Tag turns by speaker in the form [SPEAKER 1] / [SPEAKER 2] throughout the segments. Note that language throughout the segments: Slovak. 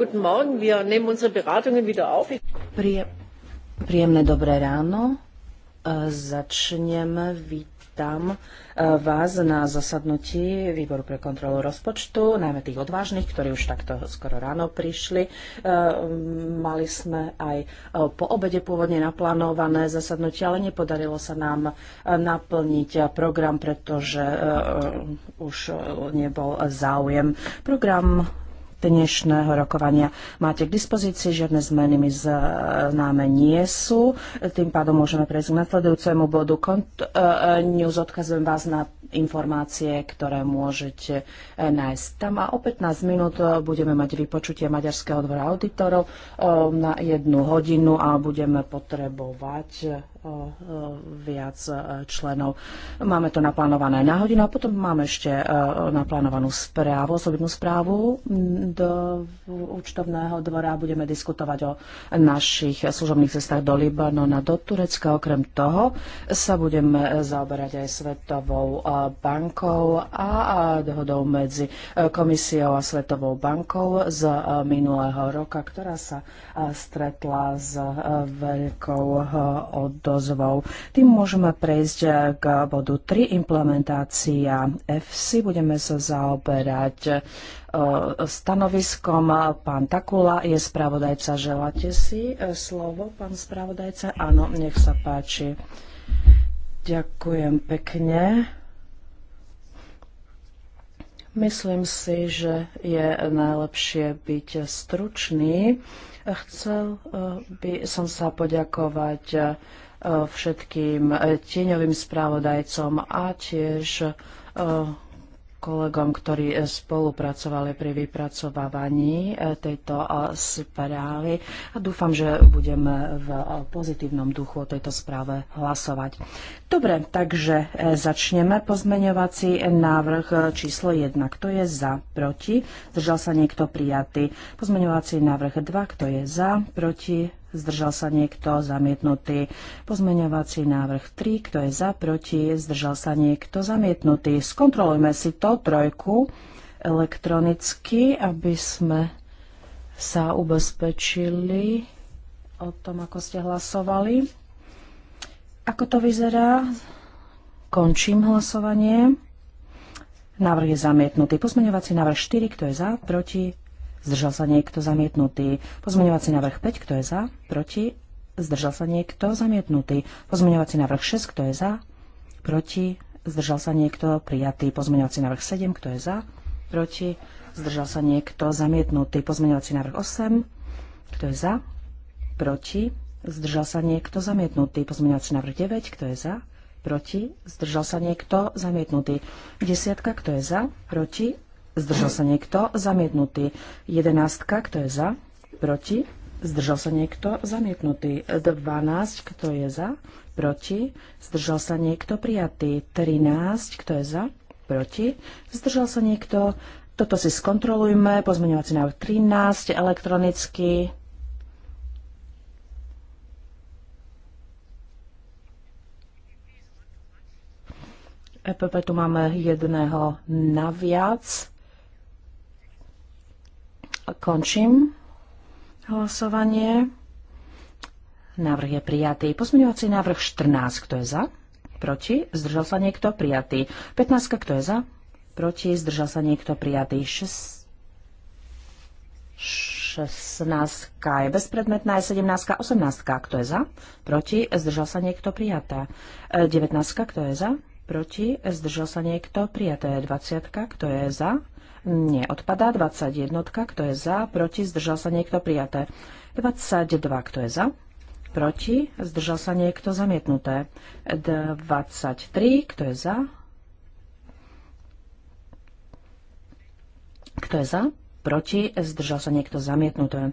[SPEAKER 1] Guten Morgen, wir nehmen unsere Beratungen wieder auf. príjemné
[SPEAKER 2] dobré ráno. E, začneme, vítam e, vás na zasadnutí Výboru pre kontrolu rozpočtu, najmä tých odvážnych, ktorí už takto skoro ráno prišli. E, mali sme aj po obede pôvodne naplánované zasadnutie, ale nepodarilo sa nám naplniť program, pretože už nebol záujem. Program dnešného rokovania. Máte k dispozícii, žiadne zmeny mi známe nie sú. Tým pádom môžeme prejsť k nasledujúcemu bodu. Kont- e, news odkazujem vás na informácie, ktoré môžete e, nájsť tam. A o 15 minút e, budeme mať vypočutie Maďarského dvora auditorov na jednu hodinu a budeme potrebovať o viac e, členov. Máme to naplánované na hodinu a potom máme ešte e, naplánovanú správu, osobitnú správu do účtovného dvora. Budeme diskutovať o našich služobných cestách do Libanona, do Turecka. Okrem toho sa budeme zaoberať aj Svetovou e, bankou a dohodou medzi komisiou a Svetovou bankou z minulého roka, ktorá sa stretla s veľkou od odozvou. Tým môžeme prejsť eh, k bodu 3, implementácia FC. Budeme sa zaoberať eh, stanoviskom. Pán Takula je spravodajca. Želáte si eh, slovo, pán spravodajca? Áno, nech sa páči. Ďakujem pekne. Myslím si, že je najlepšie byť stručný. Chcel by som sa poďakovať všetkým tieňovým spravodajcom a tiež e, kolegom, ktorí spolupracovali pri vypracovávaní e, tejto e, správy a dúfam, že budeme v pozitívnom duchu o tejto správe hlasovať. Dobre, takže začneme pozmeňovací návrh číslo 1. Kto je za? Proti? Zdržal sa niekto prijatý? Pozmeňovací návrh 2. Kto je za? Proti? zdržal sa niekto, zamietnutý. Pozmeňovací návrh 3, kto je za, proti, zdržal sa niekto, zamietnutý. Skontrolujme si to trojku elektronicky, aby sme sa ubezpečili o tom, ako ste hlasovali. Ako to vyzerá? Končím hlasovanie. Návrh je zamietnutý. Pozmeňovací návrh 4, kto je za, proti, Zdržal sa niekto zamietnutý. Pozmeňovací návrh 5, kto je za? Proti? Zdržal sa niekto zamietnutý. Pozmeňovací návrh 6, kto je za? Proti? Zdržal sa niekto prijatý. Pozmeňovací návrh 7, kto je za? Proti? Zdržal sa niekto zamietnutý. Pozmeňovací návrh 8, kto je za? Proti? Zdržal sa niekto zamietnutý. Pozmeňovací návrh 9, kto je za? Proti? Zdržal sa niekto? Zamietnutý. Desiatka, kto je za? Proti? Zdržal sa niekto? Zamietnutý. Jedenástka, kto je za? Proti? Zdržal sa niekto? Zamietnutý. Dvanásť, kto je za? Proti? Zdržal sa niekto? Prijatý. Trináct, kto je za? Proti? Zdržal sa niekto? Toto si skontrolujme. Pozmeňovací návrh 13, elektronicky. EPP tu máme jedného naviac. Končím hlasovanie. Návrh je prijatý. Pozmeňovací návrh 14. Kto je za? Proti? Zdržal sa niekto? Prijatý. 15. Kto je za? Proti? Zdržal sa niekto? Prijatý. 6. 16 je bezpredmetná, je 17, 18, kto je za? Proti, zdržal sa niekto prijaté. 19, e, kto je za? Proti, zdržal sa niekto prijaté. 20, kto je za? neodpadá. 21, kto je za, proti, zdržal sa niekto prijaté. 22, kto je za, proti, zdržal sa niekto zamietnuté. 23, kto je za, kto je za, proti, zdržal sa niekto zamietnuté.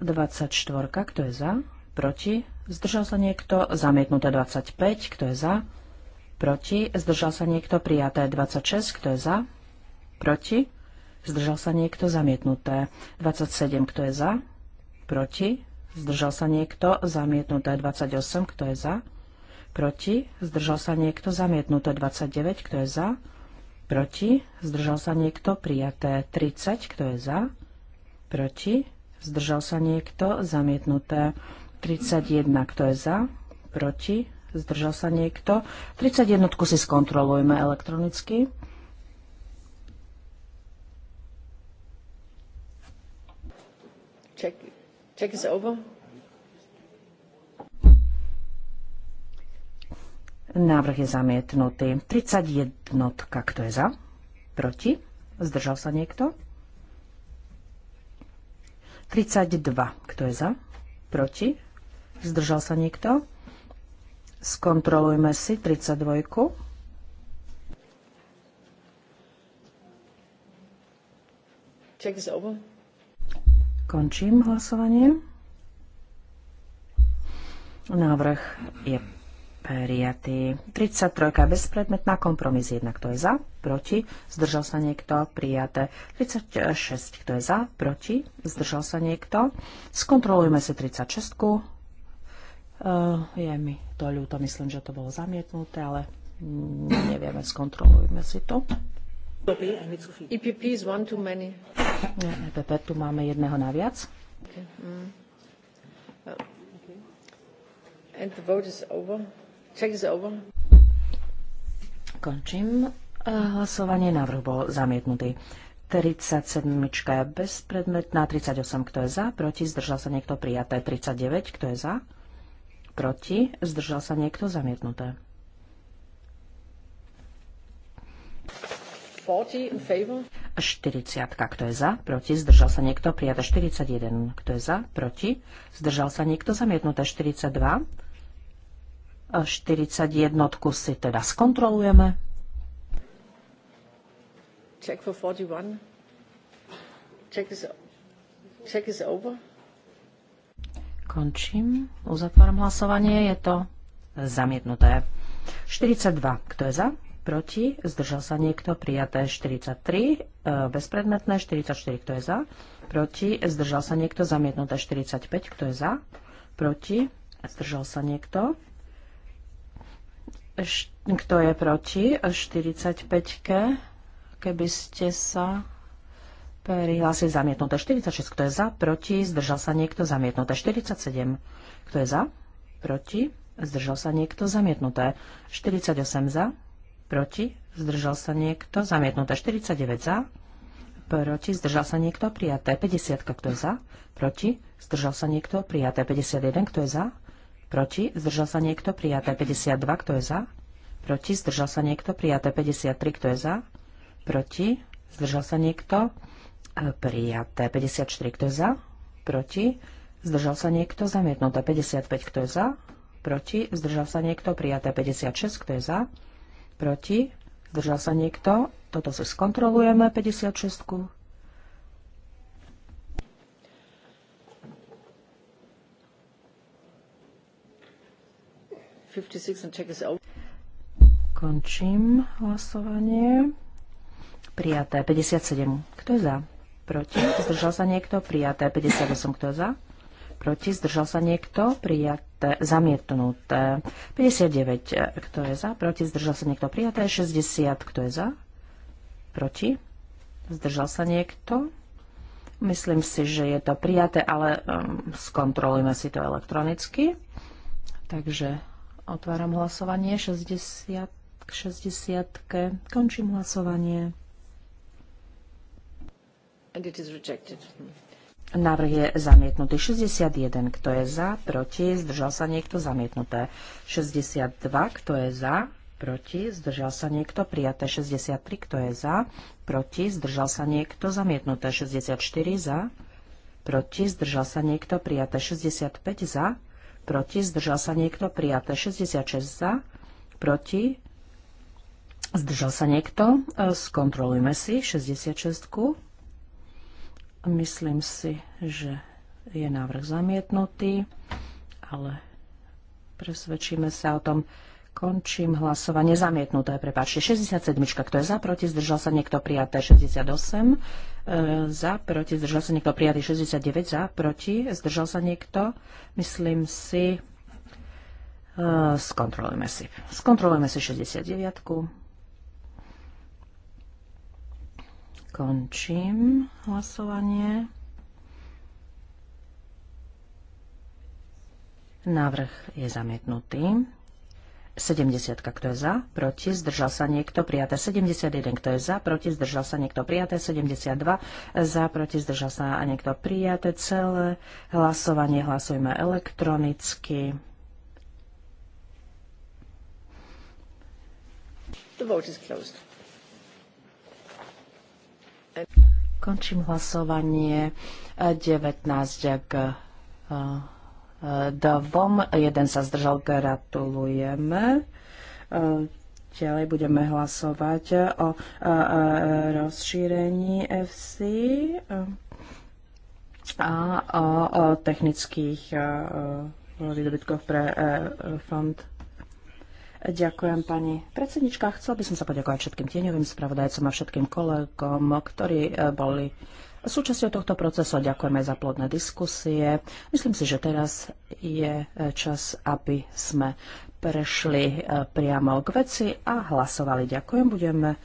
[SPEAKER 2] 24, kto je za, proti, zdržal sa niekto zamietnuté. 25, kto je za, proti, zdržal sa niekto prijaté. 26, kto je za, Proti? Zdržal sa niekto? Zamietnuté. 27. Kto je za? Proti? Zdržal sa niekto? Zamietnuté. 28. Kto je za? Proti? Zdržal sa niekto? Zamietnuté. 29. Kto je za? Proti? Zdržal sa niekto? Prijaté. 30. Kto je za? Proti? Zdržal sa niekto? Zamietnuté. 31. Kto je za? Proti? Zdržal sa niekto? 31 si skontrolujme elektronicky. Návrh je zamietnutý. 31. Kto je za? Proti? Zdržal sa niekto? 32. Kto je za? Proti? Zdržal sa niekto? Skontrolujme si 32. Check is over. Končím hlasovanie. Návrh je prijatý. 33 bezpredmetná, kompromis 1, kto je za, proti, zdržal sa niekto, prijaté. 36, kto je za, proti, zdržal sa niekto. Skontrolujme si 36. Uh, eh, je mi to ľúto, myslím, že to bolo zamietnuté, ale nevieme, skontrolujme si to.
[SPEAKER 1] EPP is one too many.
[SPEAKER 2] EPP, tu máme jedného naviac.
[SPEAKER 1] Mm. Uh, and the vote is over. Check is over.
[SPEAKER 2] Končím. Eh, hlasovanie návrh bol zamietnutý. 37 je bezpredmetná, 38 kto je za, proti, zdržal sa niekto prijaté, 39 kto je za, proti, zdržal sa niekto zamietnuté. 40, kto je za, proti, zdržal sa niekto, prijata 41, kto je za, proti, zdržal sa niekto, zamietnuté 42. 41 si teda skontrolujeme.
[SPEAKER 1] Check for 41. Check is, check is over.
[SPEAKER 2] Končím. Uzatváram hlasovanie. Je to zamietnuté. 42. Kto je za? proti, zdržal sa niekto, prijaté 43, e, bezpredmetné 44, kto je za, proti, zdržal sa niekto, zamietnuté 45, kto je za, proti, zdržal sa niekto, kto je proti 45-ke, keby ste sa prihlásili zamietnuté 46, kto je za, proti, zdržal sa niekto, zamietnuté 47, kto je za, proti, zdržal sa niekto, zamietnuté 48 za, proti, zdržal sa niekto, zamietnuté 49 za, proti, zdržal sa niekto, prijaté 50, kto je za, proti, zdržal sa niekto, prijaté 51, kto je za, proti, zdržal sa niekto, prijaté 52, kto je za, proti, zdržal sa niekto, prijaté 53, e, kto je za, proti, zdržal sa niekto, prijaté 54, kto je za, proti, zdržal sa niekto, zamietnuté 55, kto je za, proti, zdržal sa niekto, prijaté 56, kto je za, Proti? Zdržal sa niekto? Toto sa skontrolujeme. 56. Končím hlasovanie. Prijaté 57. Kto je za? Proti? Zdržal sa niekto? Prijaté 58. Kto je za? Proti? Zdržal sa niekto? Prijaté prijaté, zamietnuté. 59, kto je za, proti, zdržal sa niekto prijaté. 60, kto je za, proti, zdržal sa niekto. Myslím si, že je to prijaté, ale um, skontrolujme si to elektronicky. Takže otváram hlasovanie 60 k 60. Končím hlasovanie.
[SPEAKER 1] And it is rejected. Hmm.
[SPEAKER 2] Návrh je zamietnutý. 61, kto je za, proti, zdržal sa niekto, zamietnuté. 62, kto je za, proti, zdržal sa niekto, prijaté. 63, kto je za, proti, zdržal sa niekto, zamietnuté. 64 za, proti, zdržal sa niekto, prijaté. 65 za, proti, zdržal sa niekto, prijaté. 66 za, proti, zdržal sa niekto, e, skontrolujme si 66. Myslím si, že je návrh zamietnutý, ale presvedčíme sa o tom. Končím hlasovanie. Zamietnuté, prepáčte. 67. Kto je za, proti, zdržal sa niekto prijaté. 68. E, za, proti, zdržal sa niekto prijatý. 69. Za, proti, zdržal sa niekto. Myslím si... E, skontrolujme si. Skontrolujme si 69. Končím hlasovanie. Návrh je zamietnutý. 70, kto je za, proti, zdržal sa niekto, prijaté 71, kto je za, proti, zdržal sa niekto, prijaté 72, za, proti, zdržal sa a niekto, prijaté celé hlasovanie, hlasujme elektronicky.
[SPEAKER 1] The vote is closed.
[SPEAKER 2] Končím hlasovanie 19 k e, e, dvom. Jeden sa zdržal. Gratulujeme. E, ďalej budeme hlasovať o rozšírení FC a o technických výdobytkoch pre fond Ďakujem pani predsednička. Chcel by som sa poďakovať všetkým tieňovým spravodajcom a všetkým kolegom, ktorí e, boli Súčasťou tohto procesu ďakujeme za plodné diskusie. Myslím si, že teraz je e, čas, aby sme prešli e, priamo k veci a hlasovali. Ďakujem. Budeme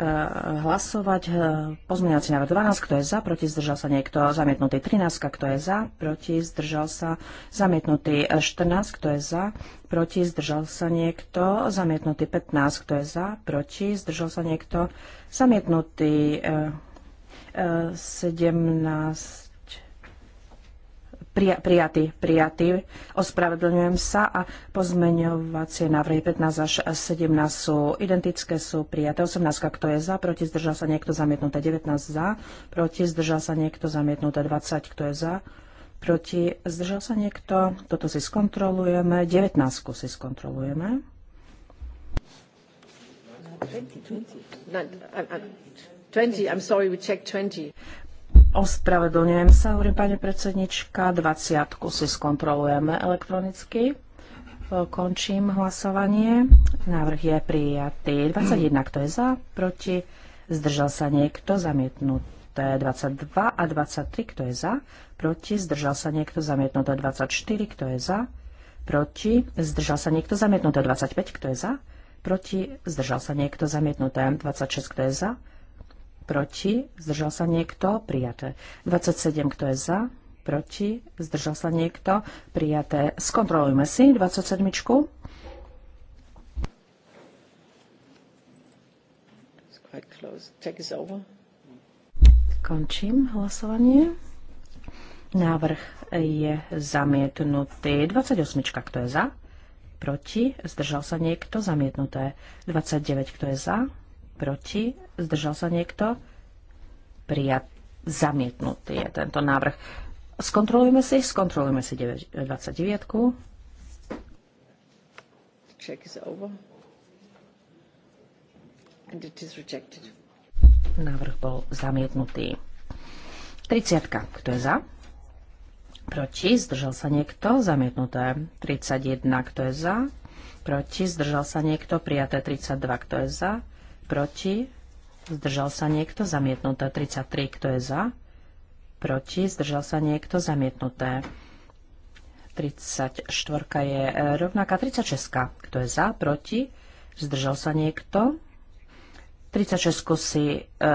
[SPEAKER 2] Eh, hlasovať. Eh, pozmeňovací návrh 12, kto je za, proti, zdržal sa niekto, zamietnutý 13, kto je za, proti, zdržal sa, zamietnutý 14, kto je za, proti, zdržal sa niekto, zamietnutý 15, kto je za, proti, zdržal sa niekto, zamietnutý 17, eh, prijatý, prijatý. Ospravedlňujem sa a pozmeňovacie návrhy 15 až 17 sú identické, sú prijaté. 18, kto je za, proti, zdržal sa niekto zamietnuté. 19 za, proti, zdržal sa niekto zamietnuté. 20, kto je za, proti, zdržal sa niekto. Toto si skontrolujeme. 19 si skontrolujeme.
[SPEAKER 1] 20, 20. I'm sorry, we checked 20.
[SPEAKER 2] Ospravedlňujem sa, hovorím pani predsednička. 20 si skontrolujeme elektronicky. Končím hlasovanie. Návrh je prijatý. 21, kto je za, proti, zdržal sa niekto, zamietnuté. 22 a 23, kto je za, proti, zdržal sa niekto, zamietnuté. 24, kto je za, proti, zdržal sa niekto, zamietnuté. 25, kto je za, proti, zdržal sa niekto, zamietnuté. 26, kto je za, proti, zdržal sa niekto, prijaté. 27, kto je za, proti, zdržal sa niekto, prijaté. Skontrolujme si 27. Končím hlasovanie. Návrh je zamietnutý. 28. Kto je za? Proti? Zdržal sa niekto? Zamietnuté. 29. Kto je za? Proti? Zdržal sa niekto? Prijat. Zamietnutý je tento návrh. Skontrolujme si, skontrolujme si 29.
[SPEAKER 1] Check is over. And it is rejected.
[SPEAKER 2] Návrh bol zamietnutý. 30. Kto je za? Proti? Zdržal sa niekto? Zamietnuté. 31. Kto je za? Proti? Zdržal sa niekto? Prijaté 32. Kto je za? proti, zdržal sa niekto, zamietnuté. 33, kto je za, proti, zdržal sa niekto, zamietnuté. 34 je e, rovnaká 36, kto je za, proti, zdržal sa niekto. 36 si e,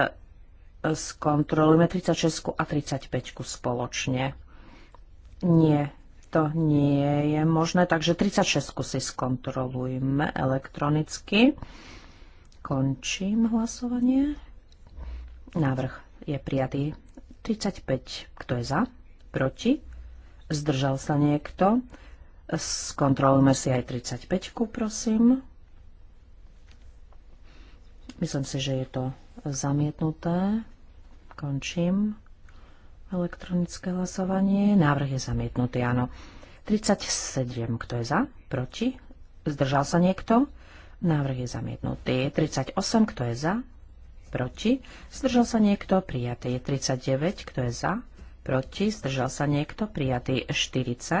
[SPEAKER 2] skontrolujeme, 36 a 35 spoločne. Nie, to nie je možné, takže 36 si skontrolujme elektronicky. Končím hlasovanie. Návrh je prijatý. 35. Kto je za? Proti? Zdržal sa niekto? Skontrolujme si aj 35, prosím. Myslím si, že je to zamietnuté. Končím elektronické hlasovanie. Návrh je zamietnutý, áno. 37. Kto je za? Proti? Zdržal sa niekto? Návrh je zamietnutý. 38, kto je za? Proti. Zdržal sa niekto? Prijatý. 39, kto je za? Proti. Zdržal sa niekto? Prijatý. 40 e,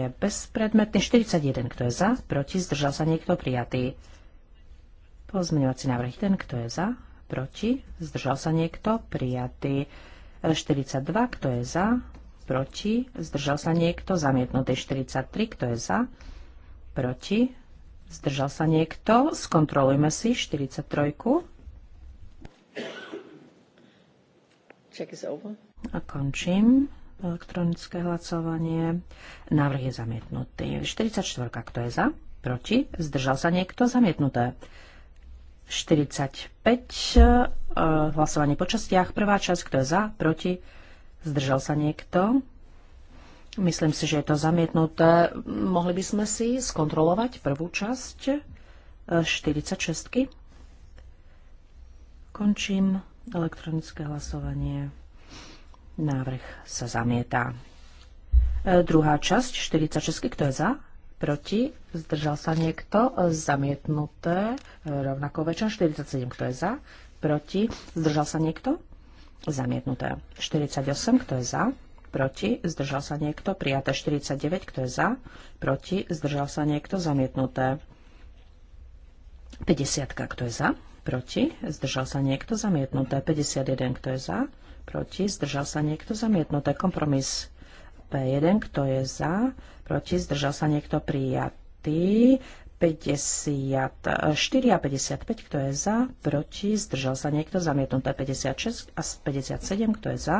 [SPEAKER 2] je bezpredmetný. 41, kto je za? Proti. Zdržal sa niekto? Prijatý. Pozmeňovací návrh ten, kto je za? Proti. Zdržal sa niekto? Prijatý. 42, e, kto je za? Proti. Zdržal sa niekto? Zamietnutý. 43, kto je za? Proti. Zdržal sa niekto? Skontrolujme si 43.
[SPEAKER 1] Check is over.
[SPEAKER 2] A končím elektronické hlasovanie. Návrh je zamietnutý. 44. Kto je za? Proti? Zdržal sa niekto? Zamietnuté. 45. Eh, hlasovanie po častiach. Prvá časť. Kto je za? Proti? Zdržal sa niekto? Myslím si, že je to zamietnuté. Mohli by sme si skontrolovať prvú časť 46. E, Končím elektronické hlasovanie. Návrh sa zamietá. E, druhá časť 46. Kto je za? Proti? Zdržal sa niekto? Zamietnuté. E, rovnako väčšina 47. Kto je za? Proti? Zdržal sa niekto? Zamietnuté. 48. Kto je za? proti, zdržal sa niekto, prijaté 49, kto je za, proti, zdržal sa niekto, zamietnuté 50, kto je za, proti, zdržal sa niekto, zamietnuté 51, kto je za, proti, zdržal sa niekto, zamietnuté kompromis P1, kto je za, proti, zdržal sa niekto, prijatý 54 a 55, kto je za, proti, zdržal sa niekto, zamietnuté 56 a 57, kto je za,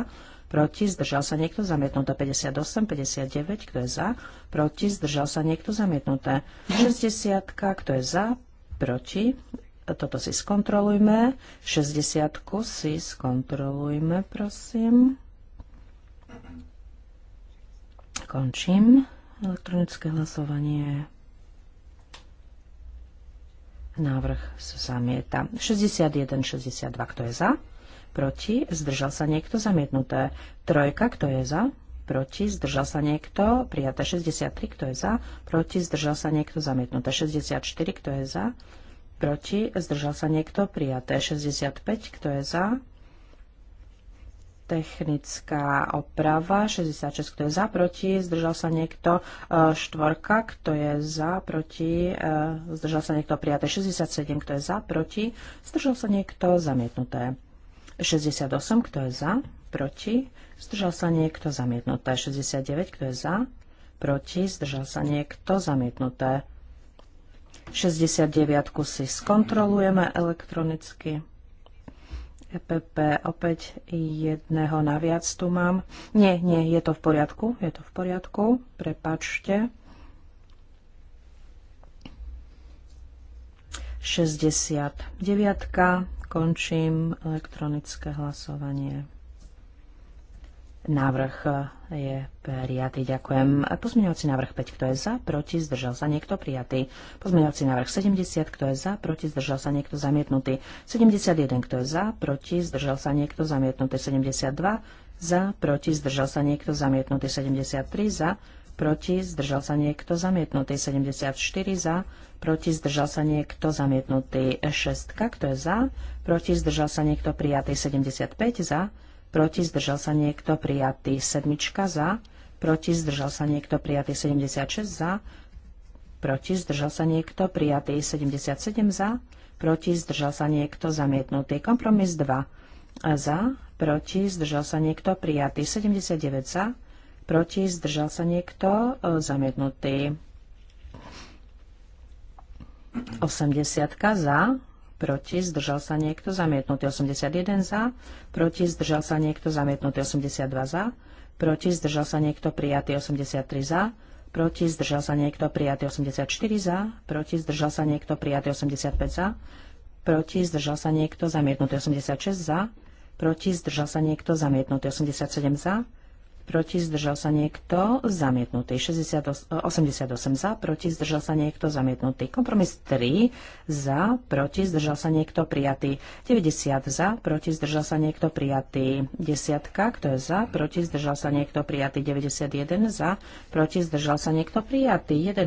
[SPEAKER 2] proti, zdržal sa niekto, zamietnuté 58, 59, kto je za, proti, zdržal sa niekto, zamietnuté 60, kto je za, proti, toto si skontrolujme, 60 si skontrolujme, prosím. Končím elektronické hlasovanie. Návrh sa zamieta. 61, 62, kto je za? proti, zdržal sa niekto, zamietnuté. Trojka, kto je za, proti, zdržal sa niekto, prijaté 63, kto je za, proti, zdržal sa niekto, zamietnuté 64, kto je za, proti, zdržal sa niekto, prijaté 65, kto je za, technická oprava, 66, kto je za, proti, zdržal sa niekto, e, štvorka, kto je za, proti, e, zdržal sa niekto, prijaté 67, kto je za, proti, zdržal sa niekto, zamietnuté. 68, kto je za, proti, zdržal sa niekto zamietnuté. 69, kto je za, proti, zdržal sa niekto zamietnuté. 69 si skontrolujeme elektronicky. EPP opäť jedného naviac tu mám. Nie, nie, je to v poriadku, je to v poriadku, prepačte. 69. Končím elektronické hlasovanie. Návrh je prijatý. Ďakujem. Pozmeňovací návrh 5. Kto je za? Proti? Zdržal sa niekto? Prijatý. Pozmeňovací návrh 70. Kto je za? Proti? Zdržal sa niekto? Zamietnutý. 71. Kto je za? Proti? Zdržal sa niekto? Zamietnutý. 72. Za? Proti? Zdržal sa niekto? Zamietnutý. 73. Za? proti, zdržal sa niekto zamietnutý. 74 za, proti, zdržal sa niekto zamietnutý. 6, kto je za, proti, zdržal sa niekto prijatý. 75 za, proti, zdržal sa niekto prijatý. 7 za, proti, zdržal sa niekto prijatý. 76 za, proti, zdržal sa niekto prijatý. 77 za, proti, zdržal sa niekto zamietnutý. Kompromis 2 za, proti, zdržal sa niekto prijatý. 79 za, proti, zdržal sa niekto, e, zamietnutý. 80 za, proti, zdržal sa niekto, zamietnutý 81 za, proti, zdržal sa niekto, zamietnutý 82 za, proti, zdržal sa niekto, prijatý 83 za, proti, zdržal sa niekto, prijatý 84 za, proti, zdržal sa niekto, prijatý 85 za, proti, zdržal sa niekto, zamietnutý 86 za, proti, zdržal sa niekto, zamietnutý 87 za, proti zdržal sa niekto, zamietnutý. 88 e, za, proti zdržal sa niekto, zamietnutý. Kompromis 3 za, proti zdržal sa niekto, prijatý. 90 za, proti zdržal sa niekto, prijatý. Desiatka, kto je za, proti zdržal sa niekto, prijatý. 91 za, proti zdržal sa niekto, prijatý. 11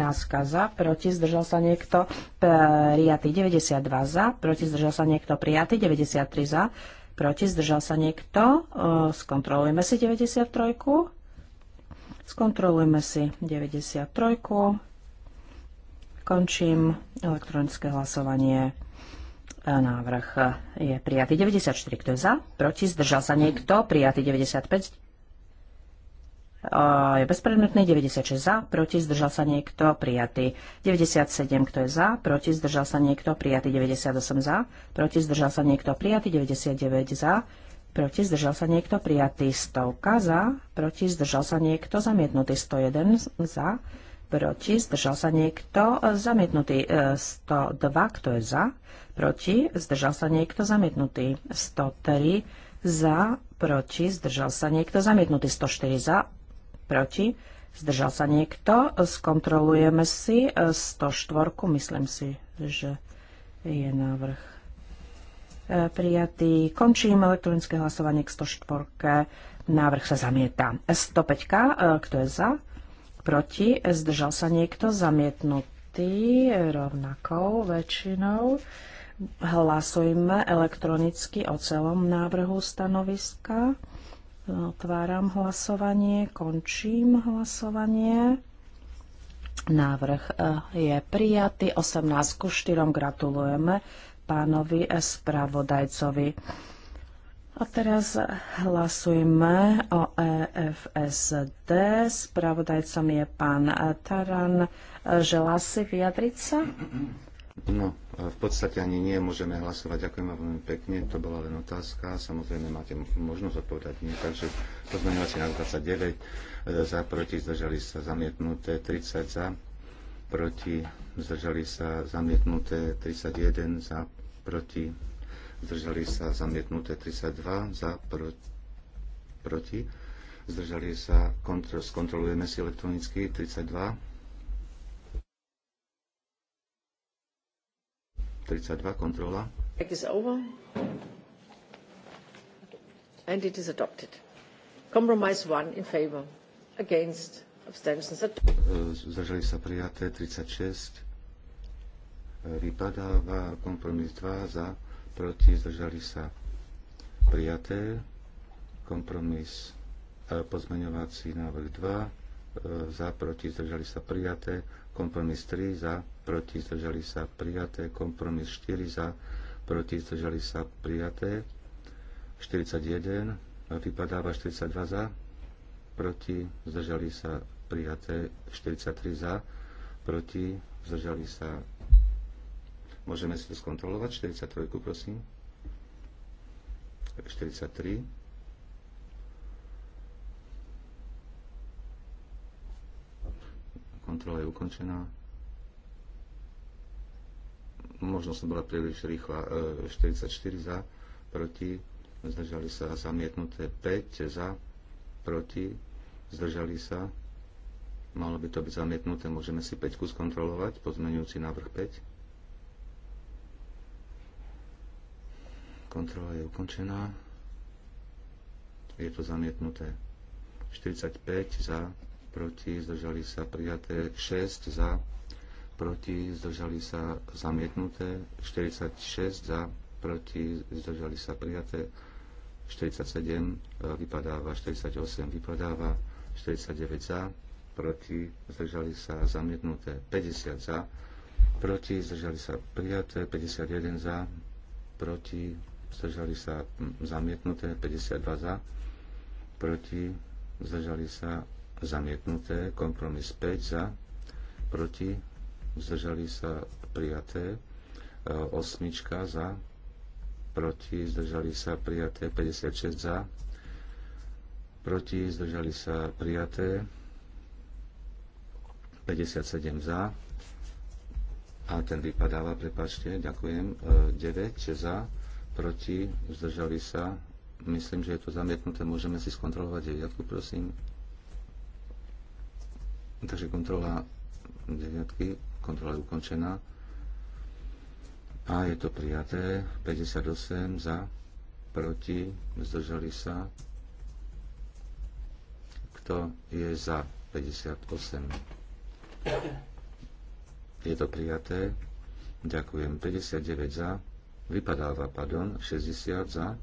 [SPEAKER 2] za, proti zdržal sa niekto, prijatý. 92 za, proti zdržal sa niekto, prijatý. 93 za, proti, zdržal sa niekto. skontrolujeme si 93. skontrolujeme si 93. Končím elektronické hlasovanie. Návrh je prijatý 94. Kto je za? Proti? Zdržal sa niekto? Prijatý 95 je bezpredmetný, 96 za, proti, zdržal sa niekto, prijatý. 97, kto je za, proti, zdržal sa niekto, prijatý. 98 za, proti, zdržal sa niekto, prijatý. 99 za, proti, zdržal sa niekto, prijatý. 100 za, proti, zdržal sa niekto, zamietnutý. 101 za, proti, zdržal sa niekto, zamietnutý. 102, kto je za, proti, zdržal sa niekto, zamietnutý. 103 za, proti, zdržal sa niekto, zamietnutý. 104 za, proti, zdržal sa niekto. Skontrolujeme si 104, e, myslím si, že je návrh e, prijatý. Končím elektronické hlasovanie k 104. Návrh sa zamieta. 105, e, kto je za? Proti, zdržal sa niekto, zamietnutý rovnakou väčšinou. Hlasujme elektronicky o celom návrhu stanoviska. Otváram hlasovanie, končím hlasovanie. Návrh eh, je prijatý. 18 ku 4 gratulujeme pánovi spravodajcovi. A teraz hlasujme o EFSD. Spravodajcom je pán Taran. Želá si vyjadriť sa?
[SPEAKER 3] No, e, v podstate ani nie, môžeme hlasovať. Ďakujem vám veľmi pekne, to bola len otázka. Samozrejme, máte možnosť odpovedať nie. Takže pozmeňovací na 29, e, za, proti, zdržali sa zamietnuté, 30 za, proti, zdržali sa zamietnuté, 31 za, proti, zdržali sa zamietnuté, 32 za, pro, proti, zdržali sa, kontrol, skontrolujeme si elektronicky, 32 32 kontrola.
[SPEAKER 1] Check is over. And it is adopted. Compromise 1 in favor. Against. Abstentions. E,
[SPEAKER 3] zdržali sa prijaté 36. E, vypadáva kompromis 2 za. Proti. Zdržali sa prijaté. Kompromis e, pozmeňovací návrh 2 za, proti, zdržali sa prijaté, kompromis 3 za, proti zdržali sa prijaté, kompromis 4 za, proti zdržali sa prijaté, 41 vypadáva 42 za, proti zdržali sa prijaté, 43 za, proti zdržali sa Môžeme si to skontrolovať. 43, prosím. 43. Kontrola je ukončená možno som bola príliš rýchla, 44 e, za, proti, zdržali sa zamietnuté 5 za, proti, zdržali sa, malo by to byť zamietnuté, môžeme si 5 skontrolovať, pozmenujúci návrh 5. Kontrola je ukončená, je to zamietnuté. 45 za, proti, zdržali sa prijaté 6 za, proti, zdržali sa zamietnuté, 46 za, proti, zdržali sa prijaté, 47 e, vypadáva, 48 vypadáva, 49 za, proti, zdržali sa zamietnuté, 50 za, proti, zdržali sa prijaté, 51 za, proti, zdržali sa zamietnuté, 52 za, proti, zdržali sa zamietnuté, kompromis 5 za, proti, zdržali sa prijaté, e, osmička za, proti, zdržali sa prijaté, 56 za, proti, zdržali sa prijaté, 57 za, a ten vypadáva, prepačte, ďakujem, 9 e, za, proti, zdržali sa, myslím, že je to zamietnuté, môžeme si skontrolovať 9, prosím. Takže kontrola 9 kontrola je ukončená. A je to prijaté. 58 za, proti, zdržali sa. Kto je za 58? Je to prijaté. Ďakujem. 59 za, vypadáva, pardon, 60 za,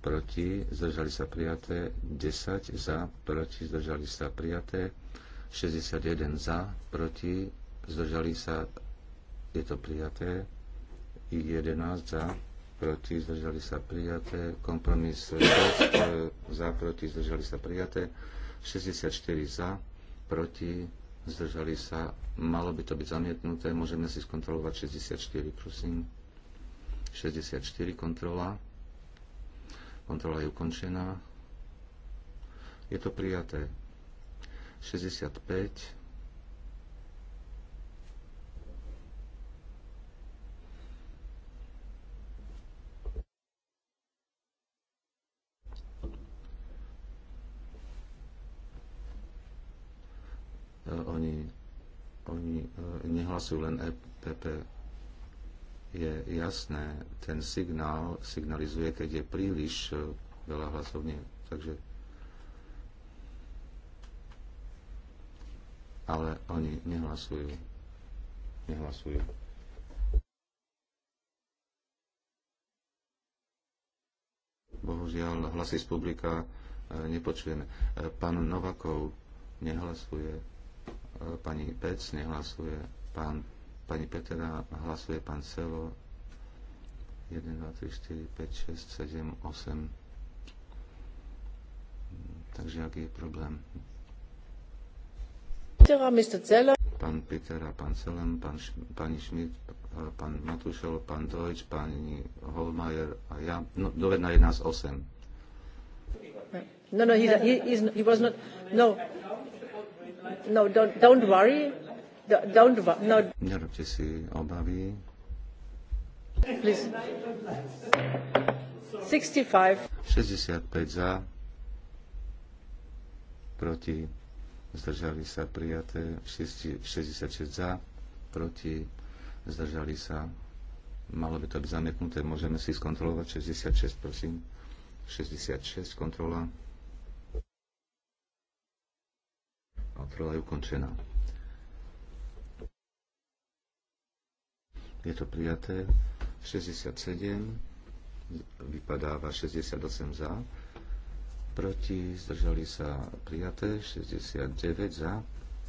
[SPEAKER 3] proti, zdržali sa prijaté, 10 za, proti, zdržali sa prijaté, 61 za, proti, zdržali sa, je to prijaté. I11 za, proti, zdržali sa prijaté. Kompromis 6 e, za, proti, zdržali sa prijaté. 64 za, proti, zdržali sa. Malo by to byť zamietnuté. Môžeme si skontrolovať 64, prosím. 64 kontrola. Kontrola je ukončená. Je to prijaté. 65 Eh, oni, oni eh, nehlasujú len EPP. Je jasné, ten signál signalizuje, keď je príliš eh, veľa hlasov nie. Takže ale oni nehlasujú. Nehlasujú. Bohužiaľ, hlasy z publika nepočujeme. Pán Novakov nehlasuje pani Pec, nehlasuje pán, pani Petera, hlasuje pán Selo, 1, 2, 3, 4, 5, 6, 7, 8. Takže aký je problém? Pán Peter a pán Selem pán, pani Schmidt, pán Matúšel, pán Deutsch, pani Holmeier a ja. No, dovedná je nás 8.
[SPEAKER 1] No, no, he, he's, he was not, no, No, don't, don't worry. Don't, no.
[SPEAKER 3] Nerobte si obavy.
[SPEAKER 1] Please. 65.
[SPEAKER 3] 65 za, proti, zdržali sa prijaté, 66 za, proti, zdržali sa, malo by to byť zamietnuté, môžeme si skontrolovať 66, prosím. 66, kontrola. Kontrola je ukončená. Je to prijaté 67, vypadáva 68 za, proti zdržali sa prijaté 69 za,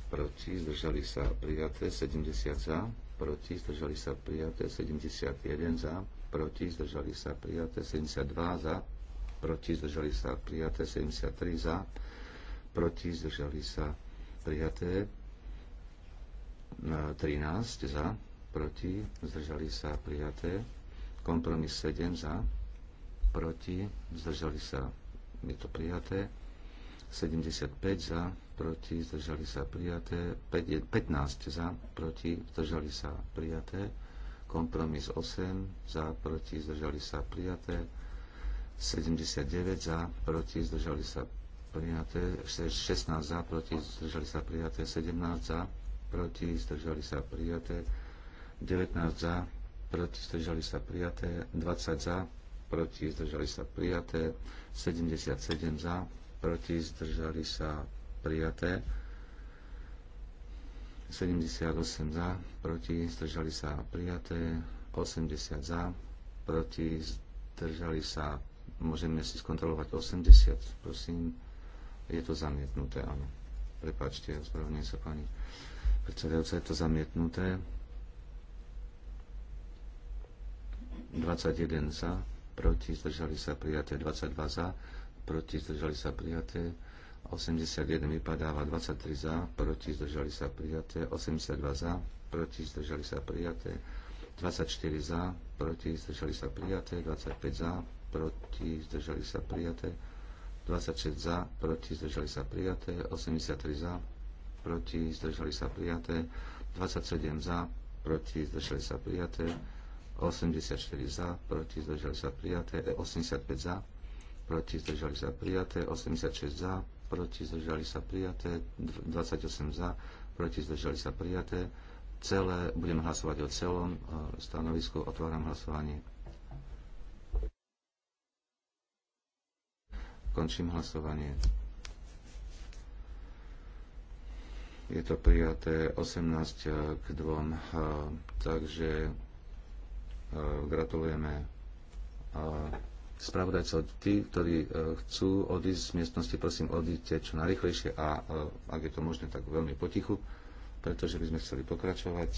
[SPEAKER 3] proti zdržali sa prijaté 70 za, proti zdržali sa prijaté 71 za, proti zdržali sa prijaté 72 za, proti zdržali sa prijaté 73 za, proti zdržali sa prijaté. 13 za, proti, zdržali sa prijaté. Kompromis 7 za, proti, zdržali sa, je to prijaté. 75 za, proti, zdržali sa prijaté. 15 za, proti, zdržali sa prijaté. Kompromis 8 za, proti, zdržali sa prijaté. 79 za, proti, zdržali sa prijaté prijaté, 16 za, proti zdržali sa prijaté, 17 za, proti zdržali sa prijaté, 19 za, proti zdržali sa prijaté, 20 za, proti zdržali sa prijaté, 77 za, proti zdržali sa prijaté, 78 za, proti zdržali sa prijaté, 80 za, proti zdržali sa, môžeme si skontrolovať 80, prosím. Je to zamietnuté, áno. Prepačte, ospravedlňujem sa pani predsedajúca, je to zamietnuté. 21 za, proti, zdržali sa prijaté, 22 za, proti, zdržali sa prijaté, 81 vypadáva, 23 za, proti, zdržali sa prijaté, 82 za, proti, zdržali sa prijaté, 24 za, proti, zdržali sa prijaté, 25 za, proti, zdržali sa prijaté, 26 za, proti, zdržali sa prijaté, 83 za, proti, zdržali sa prijaté, 27 za, proti, zdržali sa prijaté, 84 za, proti, zdržali sa prijaté, 85 e, za, proti, zdržali sa prijaté, 86 za, proti, zdržali sa prijaté, 28 za, proti, zdržali sa prijaté, celé, budem hlasovať o celom e, stanovisku, otváram hlasovanie. Končím hlasovanie. Je to prijaté 18 eh, k 2, eh, takže eh, gratulujeme spravodajcov. Tí, ktorí chcú odísť z miestnosti, prosím, odíďte čo najrychlejšie a ak je to možné, tak veľmi potichu, pretože by sme chceli pokračovať.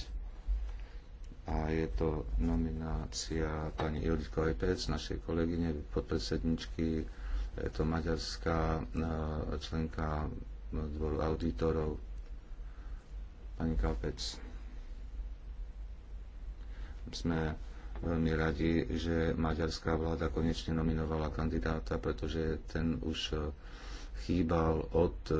[SPEAKER 3] A je to nominácia pani Judith Kojpec, našej kolegyne, podpredsedničky je to maďarská e, členka dvoru auditorov, pani Kalpec. Sme veľmi radi, že maďarská vláda konečne nominovala kandidáta, pretože ten už e, chýbal od e,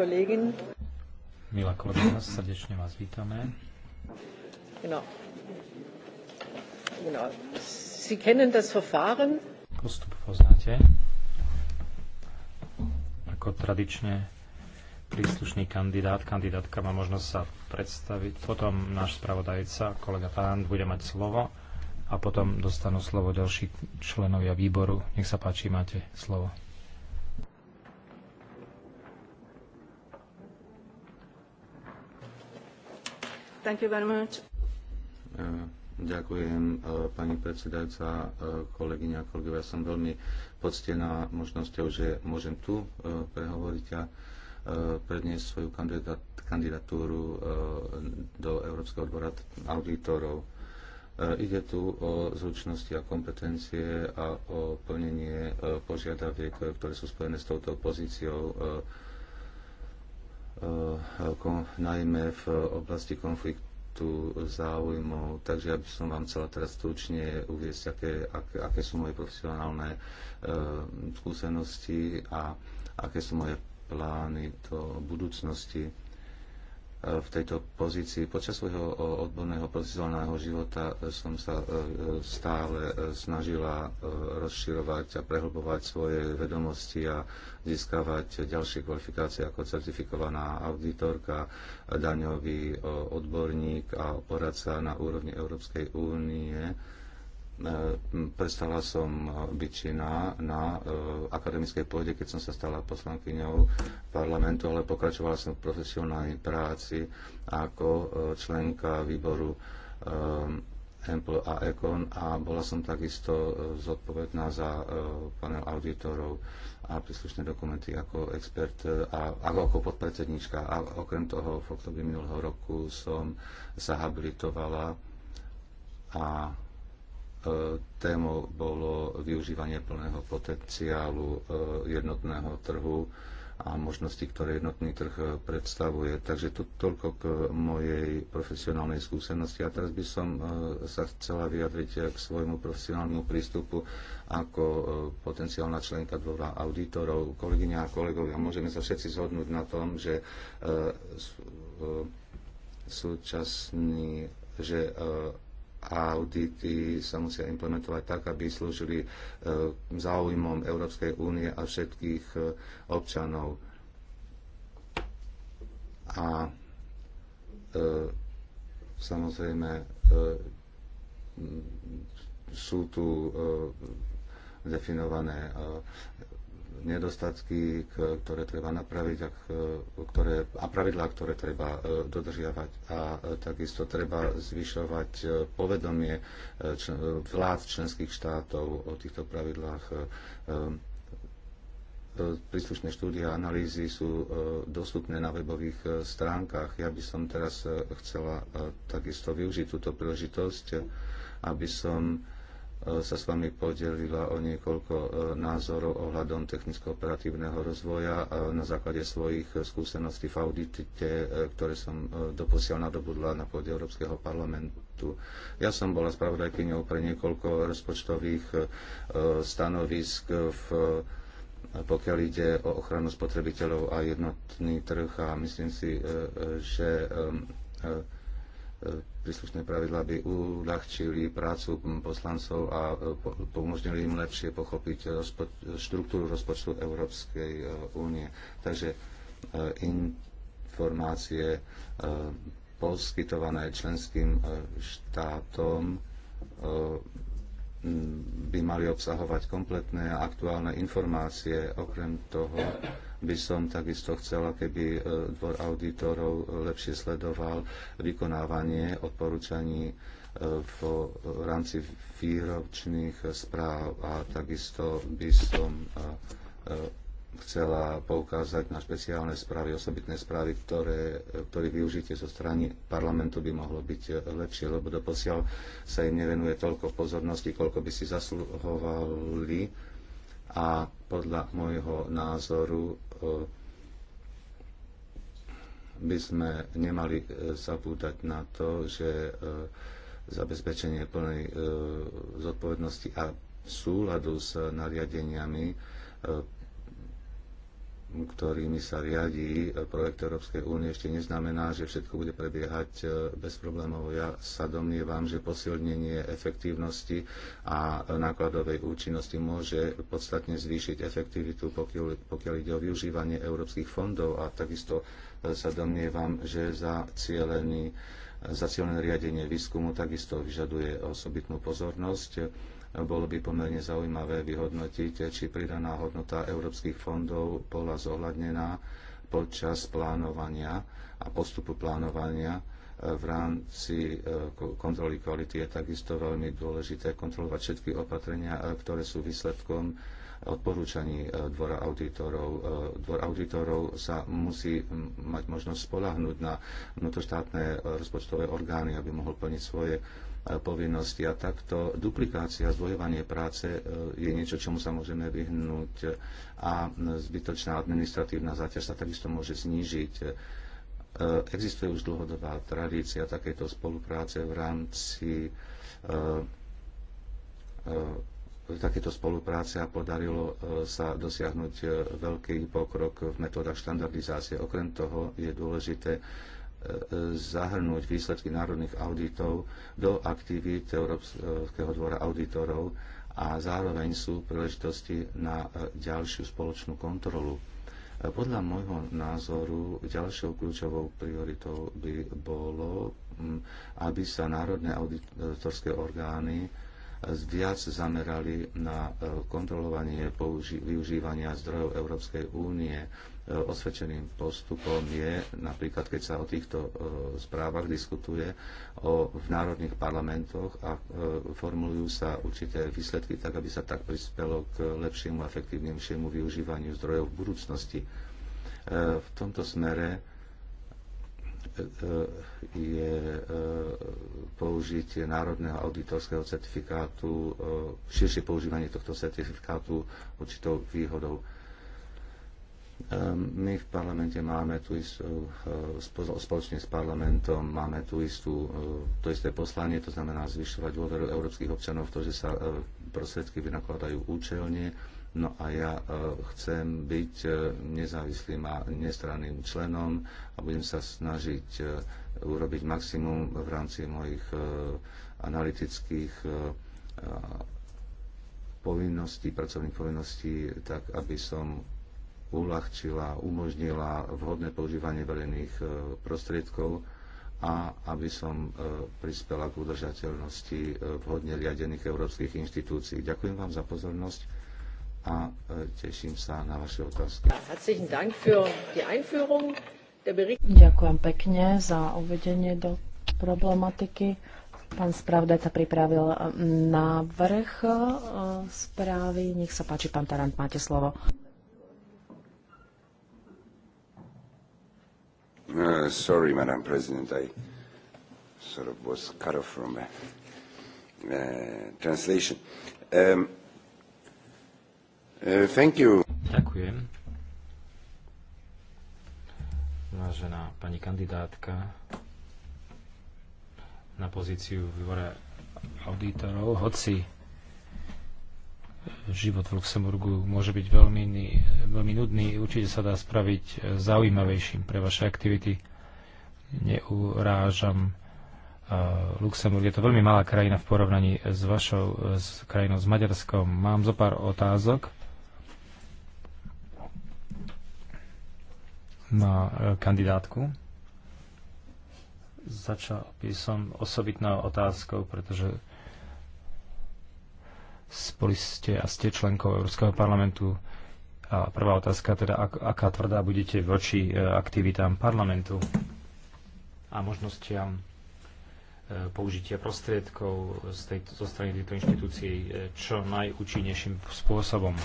[SPEAKER 1] Kollegin.
[SPEAKER 4] Milá kolegyňa, srdečne vás vítame.
[SPEAKER 1] Genau. Sie kennen das Verfahren.
[SPEAKER 4] Postup poznáte. Ako tradične príslušný kandidát, kandidátka má možnosť sa predstaviť. Potom náš spravodajca, kolega Tán, bude mať slovo a potom dostanú slovo ďalší členovia výboru. Nech sa páči, máte slovo.
[SPEAKER 3] Thank you very much. Ďakujem, e, pani predsedajúca, e, kolegyňa, kolegovia. Ja som veľmi poctená možnosťou, že môžem tu e, prehovoriť a predniesť svoju kandidatúru do Európskeho dvora auditorov. Ide tu o zručnosti a kompetencie a o plnenie požiadaviek, ktoré sú spojené s touto pozíciou najmä v oblasti konfliktu. Tu záujmov, takže ja by som vám chcela teraz stručne uviesť, aké, aké, aké sú moje profesionálne e, skúsenosti a aké sú moje plány do budúcnosti v tejto pozícii. Počas svojho odborného profesionálneho života e, som sa e, stále e, snažila rozširovať a prehlbovať svoje vedomosti a získavať ďalšie kvalifikácie ako certifikovaná auditorka, daňový odborník a poradca na úrovni Európskej únie Ehm, prestala som eh, byť činná na eh, akademickej pôde, keď som sa stala poslankyňou parlamentu, ale pokračovala som v profesionálnej práci ako eh, členka výboru ehm, Ample a Econ a bola som takisto zodpovedná za panel auditorov a príslušné dokumenty ako expert a ako, ako podpredsednička. A okrem toho v oktobri minulého roku som sa habilitovala a témou bolo využívanie plného potenciálu e, jednotného trhu a možnosti, ktoré jednotný trh predstavuje. Takže to, toľko k mojej profesionálnej skúsenosti. A teraz by som e, sa chcela vyjadriť k svojmu profesionálnemu prístupu ako e, potenciálna členka dvora auditorov. Kolegyňa a kolegovia, môžeme sa všetci zhodnúť na tom, že súčasný že audity sa musia implementovať tak, aby slúžili e, záujmom Európskej únie a všetkých e, občanov. A e, samozrejme sú tu definované nedostatky, ktoré treba napraviť a, ktoré, a pravidlá, ktoré treba e, dodržiavať. A e, takisto treba zvyšovať e, povedomie vlád členských štátov o týchto pravidlách. Príslušné štúdie a analýzy sú dostupné na webových stránkach. Ja by som teraz chcela takisto využiť túto príležitosť, aby som E, sa s vami podelila o niekoľko e, názorov ohľadom technicko-operatívneho rozvoja e, na základe svojich skúseností v audite, ktoré som doposiaľ nadobudla na pôde Európskeho parlamentu. Ja som bola spravodajkyňou pre niekoľko rozpočtových stanovisk v pokiaľ ide o ochranu spotrebiteľov a jednotný trh a myslím si, že príslušné pravidlá by uľahčili prácu poslancov a e, pomožnili im lepšie pochopiť rozpo- štruktúru rozpočtu Európskej e, únie. Takže e, informácie poskytované členským štátom by mali obsahovať kompletné a aktuálne informácie. Okrem toho by som takisto chcela, keby e, dvor auditorov lepšie sledoval vykonávanie odporúčaní e, v rámci výročných správ a takisto by som e, chcela poukázať na špeciálne správy, osobitné správy, ktoré, ktoré využitie zo strany parlamentu by mohlo byť lepšie, lebo doposiaľ sa im nevenuje toľko pozornosti, koľko by si zasluhovali a podľa môjho názoru E, by sme nemali e, zabúdať na to, že e, zabezpečenie plnej zodpovednosti a súladu s nariadeniami ktorými sa riadí projekt Európskej únie, ešte neznamená, že všetko bude prebiehať e, bez problémov. Ja sa domnievam, že posilnenie efektívnosti a nákladovej účinnosti môže podstatne zvýšiť efektivitu, pokiaľ, pokiaľ ide o využívanie európskych fondov a takisto e, sa domnievam, že za cieľený riadenie výskumu takisto vyžaduje osobitnú pozornosť bolo by pomerne zaujímavé vyhodnotiť, či pridaná hodnota európskych fondov bola zohľadnená počas plánovania a postupu plánovania e, v rámci e, kontroly kvality je takisto veľmi dôležité kontrolovať všetky opatrenia, e, ktoré sú výsledkom odporúčaní dvora auditorov. Dvor auditorov sa musí mať možnosť spolahnúť na vnútroštátne rozpočtové orgány, aby mohol plniť svoje povinnosti. A takto duplikácia, zdvojovanie práce e, je niečo, čomu sa môžeme vyhnúť a zbytočná administratívna záťaž sa takisto môže znížiť. E, existuje už dlhodobá tradícia takéto spolupráce v rámci e, takéto spolupráce a podarilo sa dosiahnuť veľký pokrok v metodách štandardizácie. Okrem toho je dôležité zahrnúť výsledky národných auditov do aktivít Európskeho dvora auditorov a zároveň sú príležitosti na e, ďalšiu spoločnú kontrolu. E, podľa môjho názoru ďalšou kľúčovou prioritou by bolo, aby sa národné auditorské orgány e, viac zamerali na kontrolovanie využívania zdrojov Európskej únie E, osvedčeným postupom je, napríklad keď sa o týchto e, správach diskutuje o, v národných parlamentoch a e, formulujú sa určité výsledky tak, aby sa tak prispelo k lepšiemu, efektívnejšiemu využívaniu zdrojov v budúcnosti. V tomto smere je použitie národného auditorského certifikátu, širšie používanie tohto certifikátu určitou výhodou Ehm, my v parlamente máme tu istú, eh, spoločne s parlamentom máme tu istú, eh, to isté poslanie, to znamená zvyšovať dôveru európskych občanov v to, že sa eh, prostriedky vynakladajú účelne. No a ja chcem byť nezávislým a nestranným členom a budem sa snažiť urobiť maximum v rámci mojich analytických povinností, pracovných povinností, tak aby som uľahčila, umožnila vhodné používanie verejných e, prostriedkov a aby som e, prispela k udržateľnosti e, vhodne riadených európskych inštitúcií. Ďakujem vám za pozornosť a teším sa na vaše otázky.
[SPEAKER 2] Ďakujem pekne za uvedenie do problematiky. Pán spravodajca pripravil návrh správy. Nech sa páči, pán Tarant, máte slovo.
[SPEAKER 3] Uh, sorry, Madam President, I sort of was cut off from a, uh, a uh, translation. Um,
[SPEAKER 4] uh, thank you. Ďakujem. Vážená pani kandidátka na pozíciu v auditorov, hoci život v Luxemburgu môže byť veľmi, veľmi nudný. Určite sa dá spraviť e, zaujímavejším pre vaše aktivity. Neurážam e, Luxemburg. Je to veľmi malá krajina v porovnaní s vašou e, s krajinou, s Maďarskom. Mám zo pár otázok na kandidátku. Začal by som osobitnou otázkou, pretože boli ste a ste členkou Európskeho parlamentu. A prvá otázka teda, ak, aká tvrdá budete voči e, aktivitám parlamentu a možnostiam e, použitia prostriedkov z tejto, zo strany tejto inštitúcií e, čo najúčinnejším spôsobom.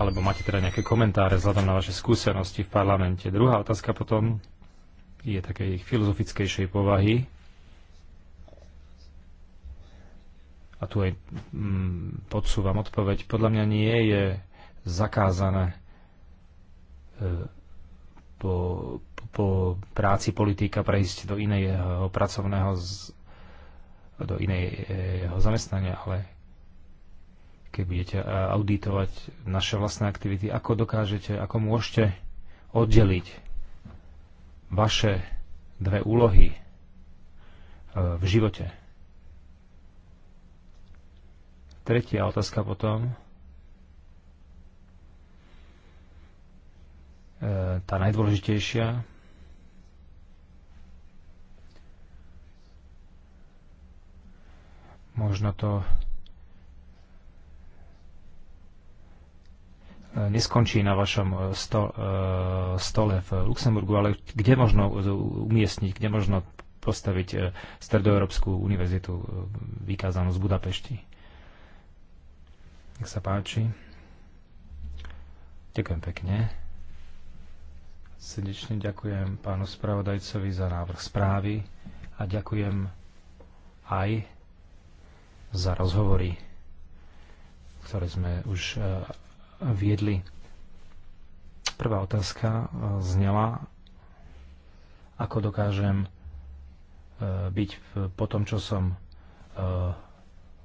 [SPEAKER 4] Alebo máte teda nejaké komentáre vzhľadom na vaše skúsenosti v parlamente. Druhá otázka potom je takej filozofickejšej povahy. a tu aj mm, podsúvam odpoveď, podľa mňa nie je zakázané e, po, po práci politika prejsť do iného pracovného z, do iného zamestnania, ale keď budete e, auditovať naše vlastné aktivity, ako dokážete, ako môžete oddeliť vaše dve úlohy e, v živote Tretia otázka potom. E, tá najdôležitejšia. Možno to e, neskončí na vašom e, stole v Luxemburgu, ale kde možno umiestniť, kde možno postaviť Stredoeurópsku univerzitu vykázanú z Budapešti? Nech sa páči. Ďakujem pekne. Srdečne ďakujem pánu spravodajcovi za návrh správy a ďakujem aj za rozhovory, ktoré sme už e, viedli. Prvá otázka e, znela, ako dokážem e, byť po tom, čo som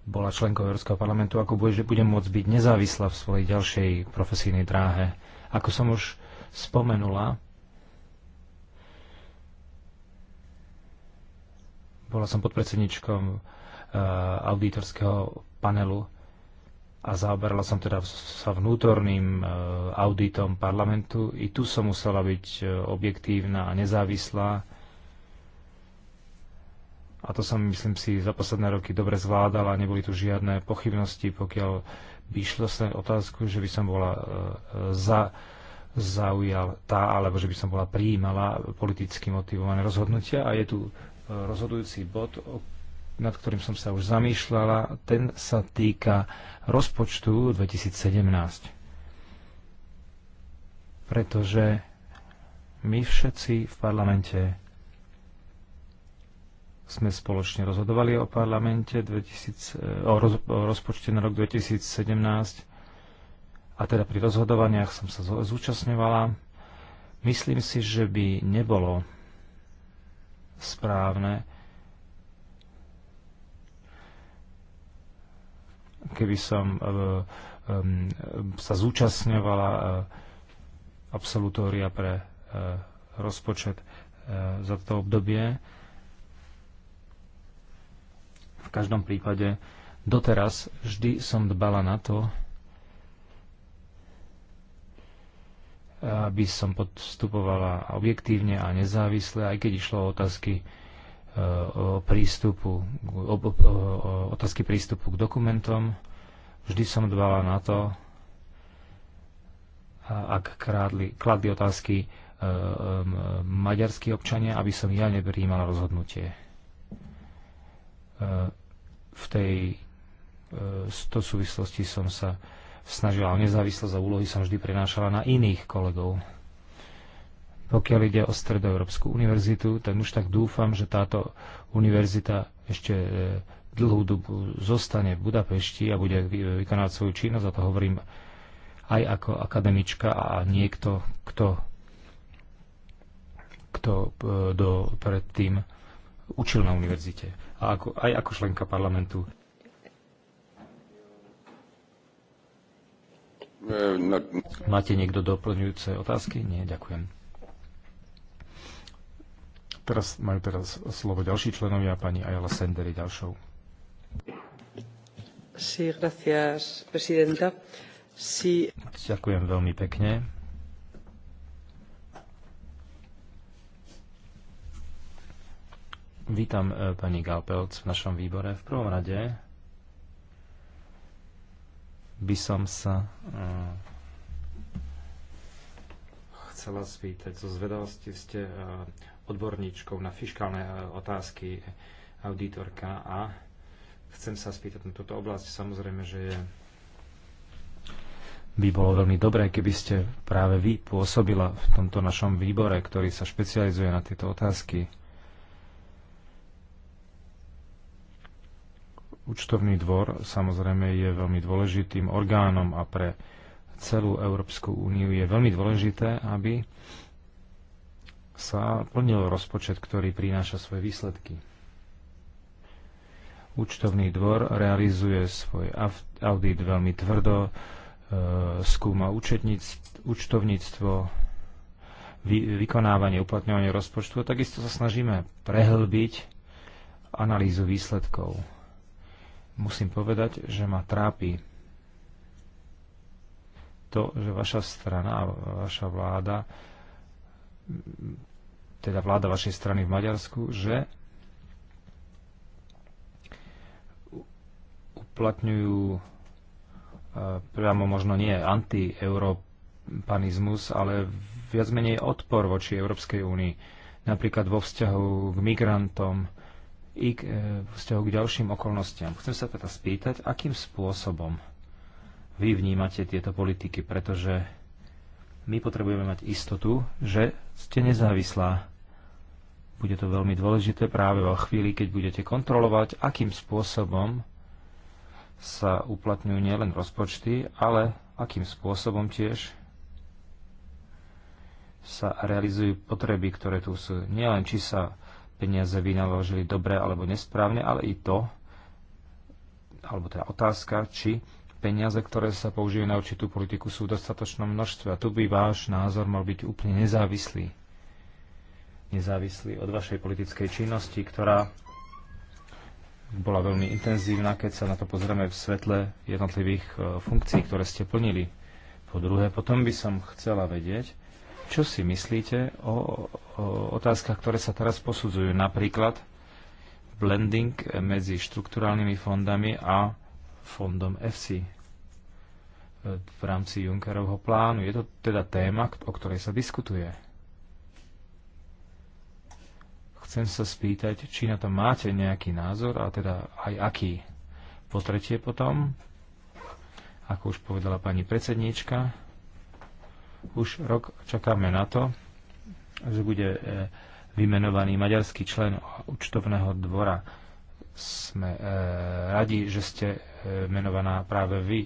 [SPEAKER 4] bola členkou Európskeho parlamentu, ako bude, že budem môcť byť nezávislá v svojej ďalšej profesijnej dráhe. Ako som už spomenula, bola som podpredsedničkom e, auditorského panelu a zaoberala som teda sa vnútorným e, auditom parlamentu. I tu som musela byť e, objektívna a nezávislá a to som, myslím si, za posledné roky dobre zvládala. Neboli tu žiadne pochybnosti, pokiaľ by išlo sa otázku, že by som bola e, za zaujal tá, alebo že by som bola prijímala politicky motivované rozhodnutia. A je tu e, rozhodujúci bod, nad ktorým som sa už zamýšľala. Ten sa týka rozpočtu 2017. Pretože my všetci v parlamente sme spoločne rozhodovali o parlamente 2000, eh, o, roz, o rozpočte na rok 2017 a teda pri rozhodovaniach som sa zúčastňovala. Myslím si, že by nebolo správne, keby som eh, sa zúčastňovala eh, absolutória pre rozpočet za to obdobie. V každom prípade doteraz vždy som dbala na to, aby som podstupovala objektívne a nezávisle, aj keď išlo o otázky e, o prístupu, o, o, o, otázky prístupu k dokumentom. Vždy som dbala na to, ak krádli, kladli otázky e, e, maďarskí občania, aby som ja neprijímala rozhodnutie v tej e, to súvislosti som sa snažila o nezávislosť a úlohy som vždy prenášala na iných kolegov. Pokiaľ ide o Stredoeurópsku univerzitu, tak už tak dúfam, že táto univerzita ešte e, dlhú dobu zostane v Budapešti a bude vykonávať svoju činnosť a to hovorím aj ako akademička a niekto, kto, kto e, do, predtým učil na univerzite a ako, aj ako členka parlamentu. Máte niekto doplňujúce otázky? Nie, ďakujem. Teraz majú teraz slovo ďalší členovia, pani Ayala Sendery ďalšou.
[SPEAKER 1] Sí, gracias, presidenta. Sí.
[SPEAKER 4] Ďakujem veľmi pekne. Vítam e, pani Galpelc v našom výbore. V prvom rade by som sa e, chcela spýtať. Zo zvedavosti ste e, odborníčkou na fiskálne otázky auditorka a chcem sa spýtať na túto oblasť. Samozrejme, že je by bolo veľmi dobré, keby ste práve vy pôsobila v tomto našom výbore, ktorý sa špecializuje na tieto otázky. Účtovný dvor samozrejme je veľmi dôležitým orgánom a pre celú Európsku úniu je veľmi dôležité, aby sa plnil rozpočet, ktorý prináša svoje výsledky. Účtovný dvor realizuje svoj audit veľmi tvrdo, e, skúma účtovníctvo, vy, vykonávanie, uplatňovanie rozpočtu a takisto sa snažíme prehlbiť analýzu výsledkov musím povedať, že ma trápi to, že vaša strana a vaša vláda, teda vláda vašej strany v Maďarsku, že uplatňujú e, priamo možno nie anti-europanizmus, ale viac menej odpor voči Európskej únii. Napríklad vo vzťahu k migrantom, i k e, vzťahu k ďalším okolnostiam. Chcem sa teda spýtať, akým spôsobom vy vnímate tieto politiky, pretože my potrebujeme mať istotu, že ste nezávislá. Bude to veľmi dôležité práve vo chvíli, keď budete kontrolovať, akým spôsobom sa uplatňujú nielen rozpočty, ale akým spôsobom tiež sa realizujú potreby, ktoré tu sú. Nielen či sa peniaze vynaložili dobre alebo nesprávne, ale i to, alebo teda otázka, či peniaze, ktoré sa použijú na určitú politiku, sú v dostatočnom množstve. A tu by váš názor mal byť úplne nezávislý. Nezávislý od vašej politickej činnosti, ktorá bola veľmi intenzívna, keď sa na to pozrieme v svetle jednotlivých e, funkcií, ktoré ste plnili. Po druhé, potom by som chcela vedieť, čo si myslíte o, o otázkach, ktoré sa teraz posudzujú? Napríklad blending medzi štrukturálnymi fondami a fondom FC v rámci Junckerovho plánu. Je to teda téma, o ktorej sa diskutuje. Chcem sa spýtať, či na to máte nejaký názor a teda aj aký. Po tretie potom, ako už povedala pani predsedníčka, už rok čakáme na to, že bude e, vymenovaný maďarský člen účtovného dvora. Sme e, radi, že ste e, menovaná práve vy,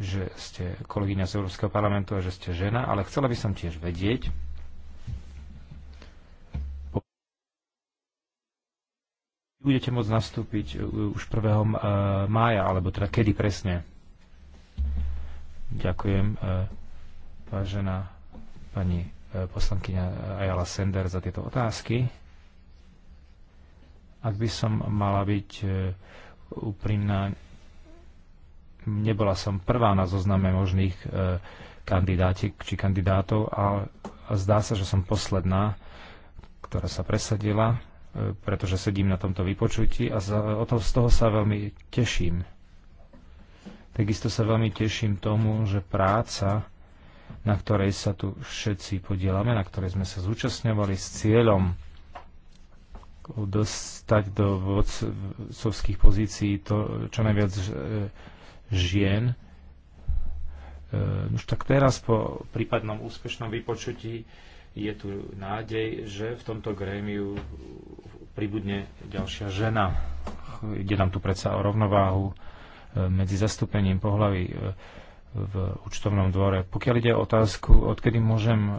[SPEAKER 4] že ste kolegyňa z Európskeho parlamentu a že ste žena, ale chcela by som tiež vedieť, budete môcť nastúpiť e, už 1. E, mája, alebo teda kedy presne? Ďakujem vážená pani e, poslankyňa Ayala Sender za tieto otázky. Ak by som mala byť e, úprimná, nebola som prvá na zozname možných e, kandidátiek či kandidátov ale zdá sa, že som posledná, ktorá sa presadila, pretože sedím na tomto vypočutí a z toho sa veľmi teším. Takisto sa veľmi teším tomu, že práca na ktorej sa tu všetci podielame, na ktorej sme sa zúčastňovali s cieľom dostať do vodcovských pozícií to, čo najviac e, žien. E, už tak teraz po prípadnom úspešnom vypočutí je tu nádej, že v tomto grémiu pribudne ďalšia žena. Ide nám tu predsa o rovnováhu e, medzi zastúpením pohľavy v účtovnom dvore. Pokiaľ ide o otázku, odkedy môžem e,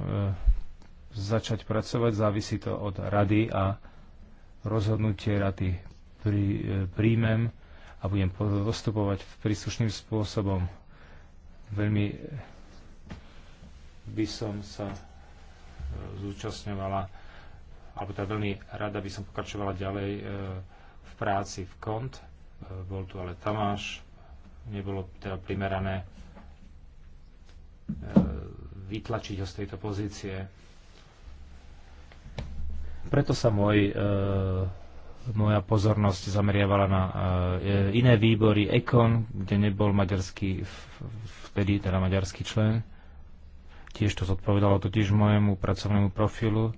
[SPEAKER 4] začať pracovať, závisí to od rady a rozhodnutie rady pri, e, príjmem a budem postupovať príslušným spôsobom. Veľmi e, by som sa zúčastňovala, alebo teda veľmi rada by som pokračovala ďalej v práci v KONT. Bol tu ale Tamáš, nebolo teda primerané E, vytlačiť ho z tejto pozície. Preto sa môj, e, moja pozornosť zameriavala na e, iné výbory, EKON, kde nebol maďarský, vtedy teda maďarský člen. Tiež to zodpovedalo totiž mojemu pracovnému profilu.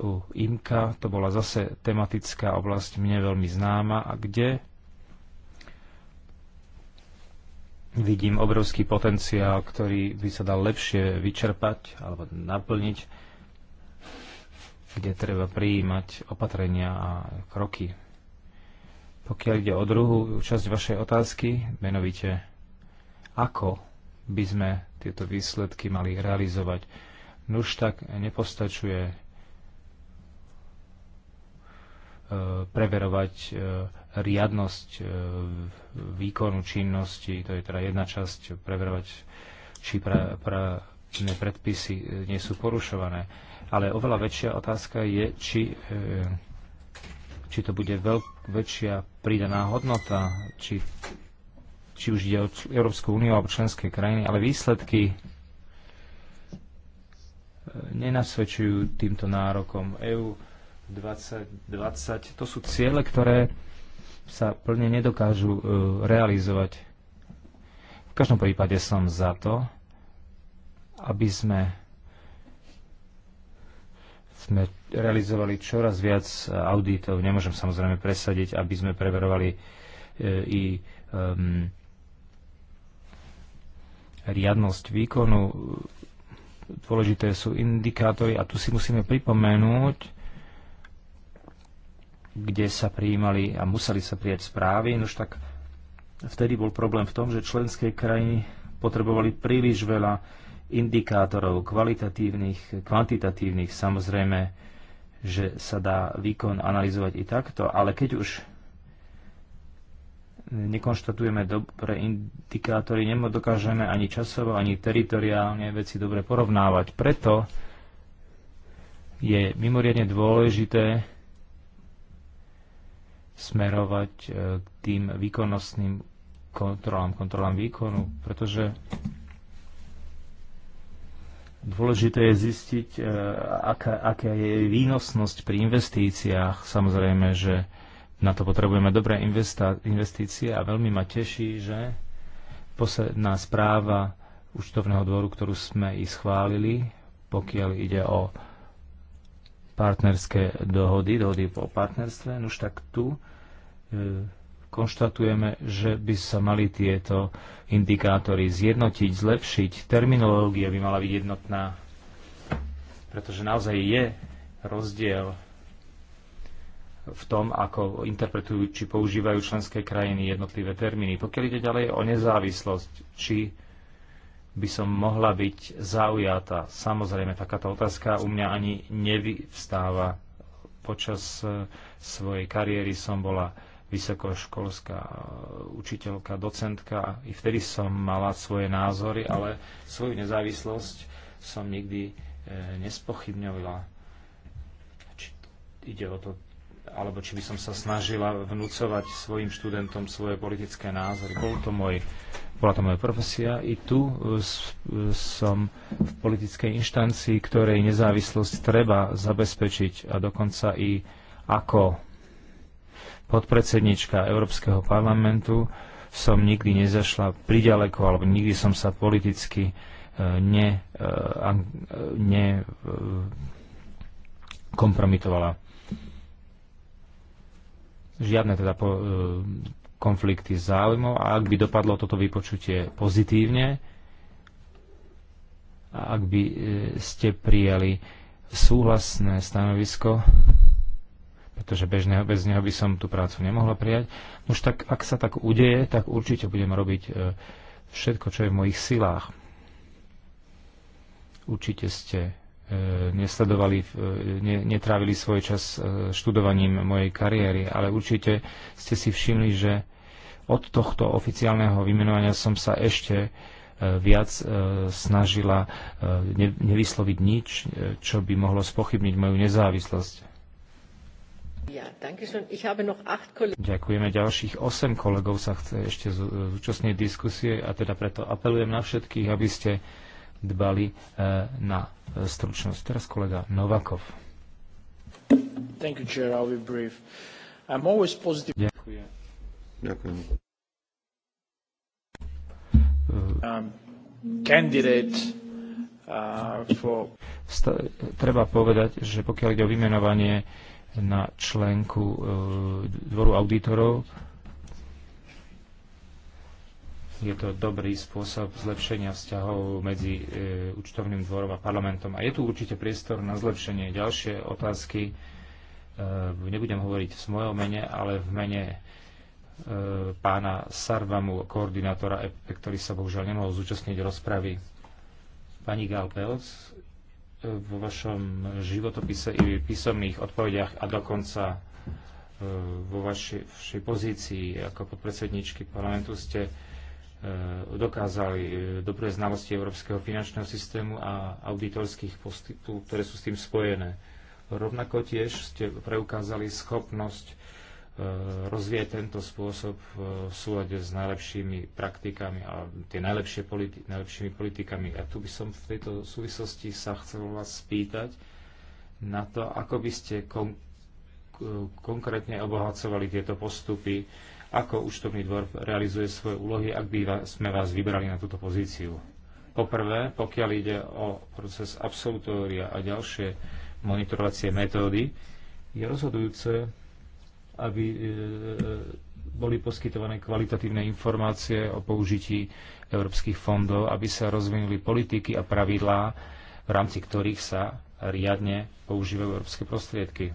[SPEAKER 4] U IMKA to bola zase tematická oblasť mne veľmi známa a kde Vidím obrovský potenciál, ktorý by sa dal lepšie vyčerpať alebo naplniť, kde treba prijímať opatrenia a kroky. Pokiaľ ide o druhú časť vašej otázky, menovite ako by sme tieto výsledky mali realizovať. Nuž tak nepostačuje e, preverovať e, riadnosť e, výkonu činnosti, to je teda jedna časť, preverovať, či pra, pra, predpisy e, nie sú porušované. Ale oveľa väčšia otázka je, či, e, či to bude veľk, väčšia pridaná hodnota, či, či už ide o Európsku úniu alebo členské krajiny, ale výsledky nenasvedčujú týmto nárokom. EU 2020, to sú ciele, ktoré sa plne nedokážu e, realizovať. V každom prípade som za to, aby sme, sme realizovali čoraz viac auditov. Nemôžem samozrejme presadiť, aby sme preverovali e, i um, riadnosť výkonu. Dôležité sú indikátory a tu si musíme pripomenúť, kde sa prijímali a museli sa prijať správy, nož tak vtedy bol problém v tom, že členské krajiny potrebovali príliš veľa indikátorov kvalitatívnych, kvantitatívnych. Samozrejme, že sa dá výkon analyzovať i takto, ale keď už nekonštatujeme dobre indikátory, dokážeme ani časovo, ani teritoriálne veci dobre porovnávať. Preto je mimoriadne dôležité smerovať k e, tým výkonnostným kontrolám, kontrolám výkonu, pretože dôležité je zistiť, e, aká, aká je výnosnosť pri investíciách. Samozrejme, že na to potrebujeme dobré investície a veľmi ma teší, že posledná správa účtovného dvoru, ktorú sme i schválili, pokiaľ ide o partnerské dohody, dohody o partnerstve, no už tak tu e, konštatujeme, že by sa mali tieto indikátory zjednotiť, zlepšiť. Terminológia by mala byť jednotná, pretože naozaj je rozdiel v tom, ako interpretujú či používajú členské krajiny jednotlivé termíny. Pokiaľ ide ďalej o nezávislosť, či by som mohla byť zaujatá Samozrejme, takáto otázka u mňa ani nevyvstáva. Počas eh, svojej kariéry som bola vysokoškolská eh, učiteľka, docentka. I vtedy som mala svoje názory, ale svoju nezávislosť som nikdy eh, nespochybňovala. Či ide o to, alebo či by som sa snažila vnúcovať svojim študentom svoje politické názory. Bol to môj bola to moja profesia. I tu e, e, som v politickej inštancii, ktorej nezávislosť treba zabezpečiť a dokonca i ako podpredsednička Európskeho parlamentu som nikdy nezašla priďaleko, alebo nikdy som sa politicky e, ne, ne kompromitovala. Žiadne teda po, konflikty záujmov a ak by dopadlo toto vypočutie pozitívne a ak by e, ste prijali súhlasné stanovisko, pretože bez neho, bez neho by som tú prácu nemohla prijať, no už tak ak sa tak udeje, tak určite budem robiť e, všetko, čo je v mojich silách. Určite ste E, nesledovali, e, ne, netrávili svoj čas e, študovaním mojej kariéry, ale určite ste si všimli, že od tohto oficiálneho vymenovania som sa ešte viac snažila nevysloviť nič, čo by mohlo spochybniť moju nezávislosť. Ďakujeme. Ďalších 8 kolegov sa chce ešte zúčastniť diskusie a teda preto apelujem na všetkých, aby ste dbali e, na e, stručnosť. Teraz kolega Novakov. Thank you, Chair. I'll be brief. I'm always positive. Ďakujem. Ďakujem. E, um, candidate uh, for... treba povedať, že pokiaľ ide o vymenovanie na členku dvoru auditorov, je to dobrý spôsob zlepšenia vzťahov medzi e, účtovným dvorom a parlamentom. A je tu určite priestor na zlepšenie. Ďalšie otázky e, nebudem hovoriť v mojom mene, ale v mene e, pána Sarvamu, koordinátora EP, ktorý sa bohužiaľ nemohol zúčastniť rozpravy. Pani Galpelc, e, vo vašom životopise i písomných odpovediach a dokonca e, vo vašej, pozícii ako podpredsedničky parlamentu ste E, dokázali e, dobré znalosti európskeho finančného systému a auditorských postupov, ktoré sú s tým spojené. Rovnako tiež ste preukázali schopnosť e, rozvieť tento spôsob v súlade s najlepšími praktikami a tie najlepšie politi- najlepšími politikami. A tu by som v tejto súvislosti sa chcel vás spýtať na to, ako by ste kon- konkrétne obohacovali tieto postupy ako účtovný dvor realizuje svoje úlohy, ak by sme vás vybrali na túto pozíciu. Poprvé, pokiaľ ide o proces absolutória a ďalšie monitorovacie metódy, je rozhodujúce, aby e, boli poskytované kvalitatívne informácie o použití európskych fondov, aby sa rozvinuli politiky a pravidlá, v rámci ktorých sa riadne používajú európske prostriedky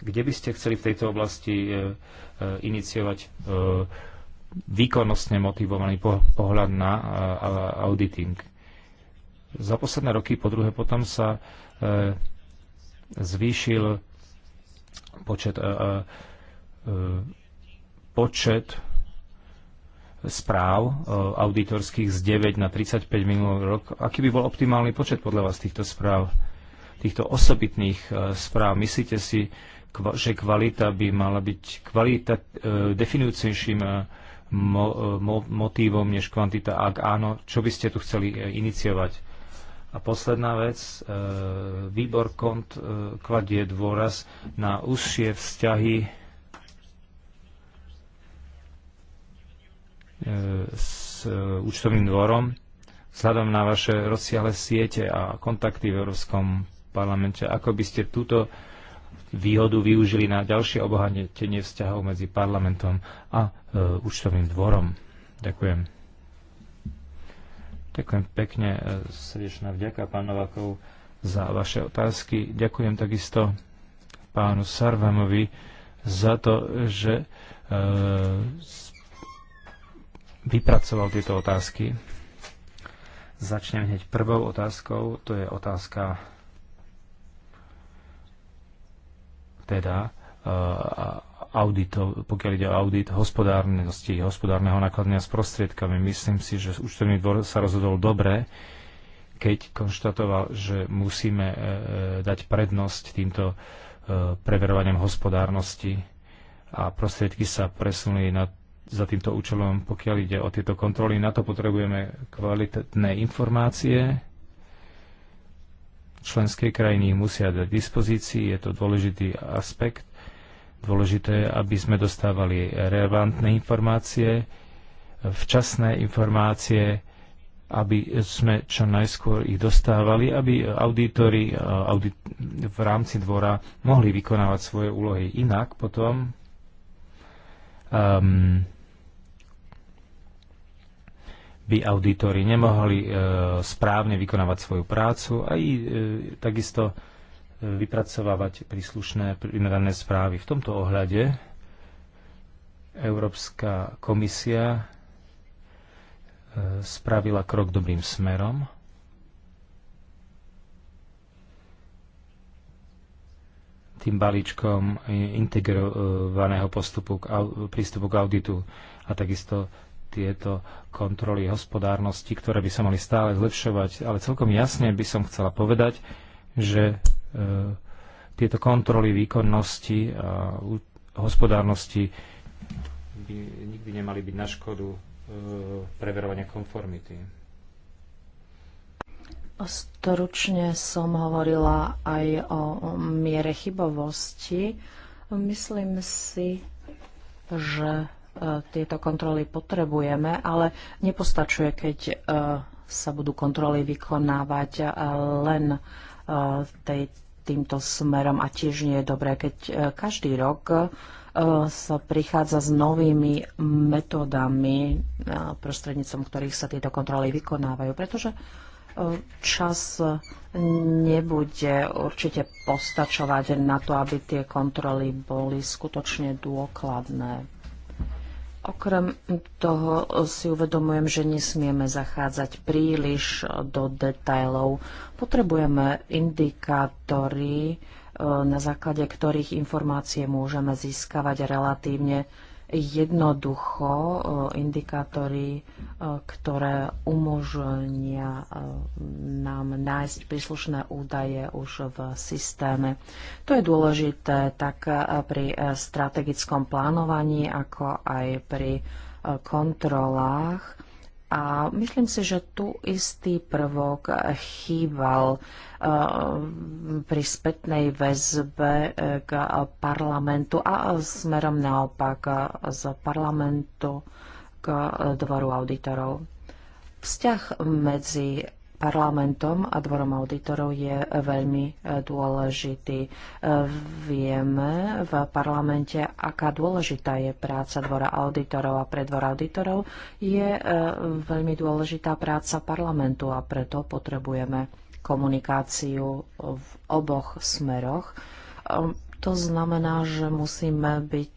[SPEAKER 4] kde by ste chceli v tejto oblasti e, e, iniciovať e, výkonnostne motivovaný pohľad na auditing? Za posledné roky, po druhé, potom sa zvýšil počet, počet správ auditorských z 9 na 35 minulý rok. Aký by bol optimálny počet podľa vás týchto správ, týchto osobitných správ? Myslíte si, že kvalita by mala byť kvalita, eh, definujúcejším eh, mo, eh, mo, motívom než kvantita. Ak áno, čo by ste tu chceli iniciovať? A posledná vec, výbor kont kladie dôraz na úzšie vzťahy s účtovným dvorom, vzhľadom na vaše rozsiahle siete a kontakty v Európskom parlamente. Ako by ste túto výhodu využili na ďalšie obohatenie vzťahov medzi parlamentom a e, účtovným dvorom. Ďakujem. Ďakujem pekne, e, srdečná vďaka pán Novakov za vaše otázky. Ďakujem takisto pánu Sarvamovi za to, že e, vypracoval tieto otázky. Začnem hneď prvou otázkou, to je otázka teda eh, audito, pokiaľ ide o audit hospodárnosti, hospodárneho nakladania s prostriedkami. Myslím si, že účtovný dvor sa rozhodol dobre, keď konštatoval, že musíme eh, eh, dať prednosť týmto preverovaniam hospodárnosti a prostriedky sa presunuli na, za týmto účelom, pokiaľ ide o tieto kontroly. Na to potrebujeme kvalitné informácie, Členské krajiny musia dať dispozícii, je to dôležitý aspekt. Dôležité je, aby sme dostávali relevantné informácie, včasné informácie, aby sme čo najskôr ich dostávali, aby auditori eh, audit, v rámci dvora mohli vykonávať svoje úlohy inak potom. Um, by auditory nemohli e, správne vykonávať svoju prácu a i e, takisto e, vypracovávať príslušné primerané správy. V tomto ohľade Európska komisia spravila krok dobrým smerom. tým balíčkom integrovaného postupu k, prístupu k auditu a takisto tieto kontroly hospodárnosti, ktoré by sa mali stále zlepšovať. Ale celkom jasne by som chcela povedať, že e, tieto kontroly výkonnosti a u, hospodárnosti by nikdy nemali byť na škodu e, preverovania konformity.
[SPEAKER 2] Storučne som hovorila aj o miere chybovosti. Myslím si, že E, tieto kontroly potrebujeme, ale nepostačuje, keď e, sa budú kontroly vykonávať e, len tej, týmto smerom a tiež nie je dobré, keď každý rok sa prichádza s novými metódami, prostrednícom ktorých sa tieto kontroly vykonávajú, pretože čas nebude určite postačovať na to, aby tie kontroly boli skutočne dôkladné. Okrem toho si uvedomujem, že nesmieme zachádzať príliš do detajlov. Potrebujeme indikátory, eh, na základe ktorých informácie môžeme získavať relatívne jednoducho e, indikátory, e, ktoré umožnia e, nám nájsť príslušné údaje už v systéme. To je dôležité tak pri strategickom plánovaní, ako aj pri kontrolách a myslím si, že tu istý prvok chýbal eh, pri spätnej väzbe eh, k parlamentu a smerom naopak eh, z parlamentu k dvoru auditorov. Vzťah medzi parlamentom a dvorom auditorov je veľmi e, dôležitý. E, vieme v parlamente, aká dôležitá je práca dvora auditorov a pre auditorov je e, veľmi dôležitá práca parlamentu a preto potrebujeme komunikáciu v oboch smeroch. To znamená, že musíme byť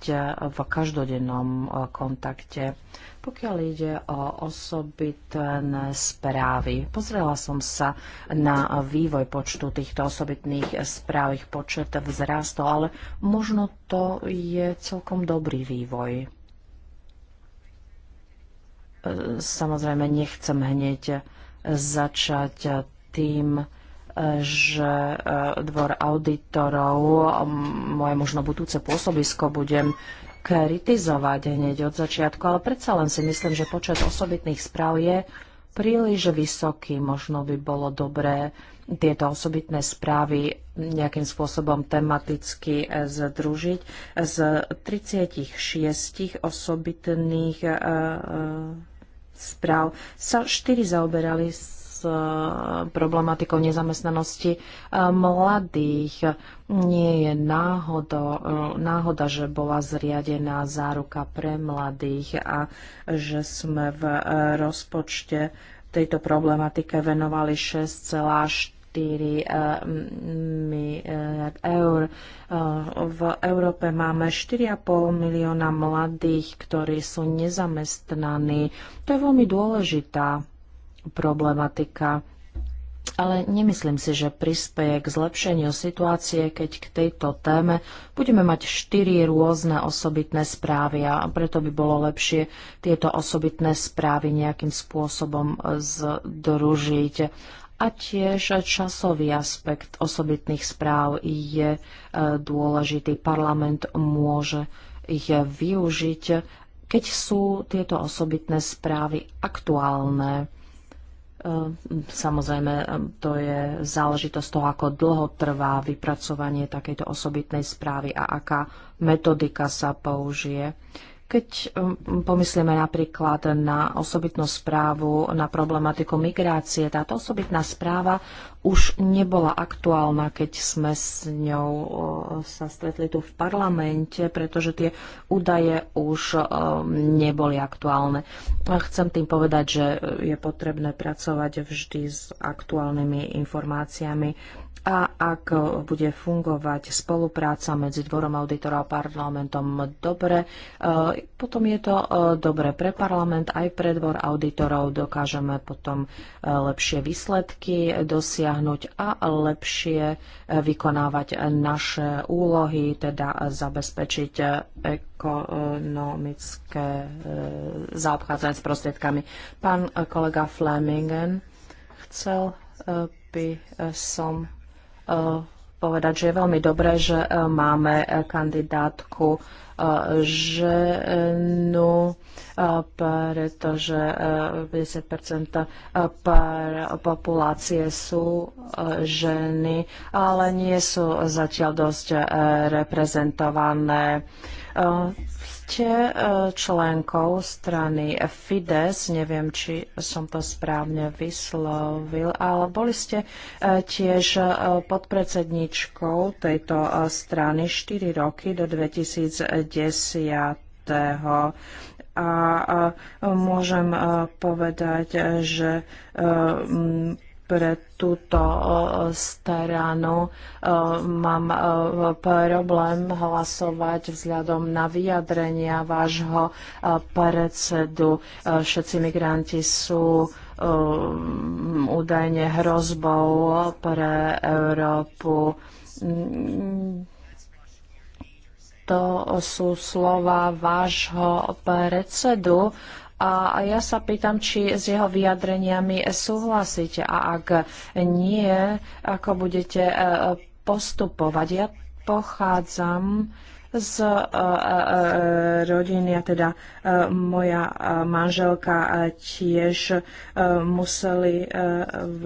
[SPEAKER 2] v každodennom kontakte pokiaľ ide o osobitné správy. Pozrela som sa na vývoj počtu týchto osobitných správ, ich počet vzrastol, ale možno to je celkom dobrý vývoj. Samozrejme, nechcem hneď začať tým, že eh, dvor auditorov, moje možno budúce pôsobisko, budem kritizovať hneď od začiatku, ale predsa len si myslím, že počet osobitných správ je príliš vysoký. Možno by bolo dobré tieto osobitné správy nejakým spôsobom tematicky eh, združiť. Z 36 osobitných eh, eh, správ sa 4 zaoberali s eh, problematikou nezamestnanosti eh, mladých. Nie je náhoda, eh, náhoda, že bola zriadená záruka pre mladých a že sme v rozpočte tejto problematike venovali 6,4 4 eur. V Európe máme 4,5 milióna mladých, ktorí sú nezamestnaní. To je veľmi dôležitá problematika. Ale nemyslím si, že prispieje k zlepšeniu situácie, keď k tejto téme budeme mať štyri rôzne osobitné správy a preto by bolo lepšie tieto osobitné správy nejakým spôsobom združiť. A tiež časový aspekt osobitných správ je e, dôležitý. Parlament môže ich využiť, keď sú tieto osobitné správy aktuálne Ehm, samozrejme, ehm, to je záležitosť toho, ako dlho trvá vypracovanie takejto osobitnej správy a aká metodika sa použije. Keď um, pomyslíme napríklad na osobitnú správu na problematiku migrácie, táto osobitná správa už nebola aktuálna, keď sme s ňou uh, sa stretli tu v parlamente, pretože tie údaje už um, neboli aktuálne. Chcem tým povedať, že je potrebné pracovať vždy s aktuálnymi informáciami a ak bude fungovať spolupráca medzi dvorom auditora a parlamentom dobre, e, potom je to e, dobre pre parlament, aj pre dvor auditorov dokážeme potom e, lepšie výsledky dosiahnuť a lepšie vykonávať naše úlohy, teda zabezpečiť ekonomické zaobchádzanie s prostriedkami. Pán kolega Flemingen chcel by som Eh, povedať, že je veľmi dobré, že eh, máme eh, kandidátku ženu, pretože 50% populácie sú ženy, ale nie sú zatiaľ dosť reprezentované. E, členkou strany Fides, neviem, či som to správne vyslovil, ale boli ste e, tiež e, podpredsedničkou tejto strany 4 roky do 2010. A môžem povedať, že pre túto e, stranu e, mám e, problém hlasovať vzhľadom na vyjadrenia vášho predsedu. Všetci migranti sú údajne hrozbou pre Európu. To sú slova vášho predsedu, a ja sa pýtam, či s jeho vyjadreniami súhlasíte a ak nie, ako budete e, postupovať. Ja pochádzam z e, e, rodiny a teda moja manželka tiež museli v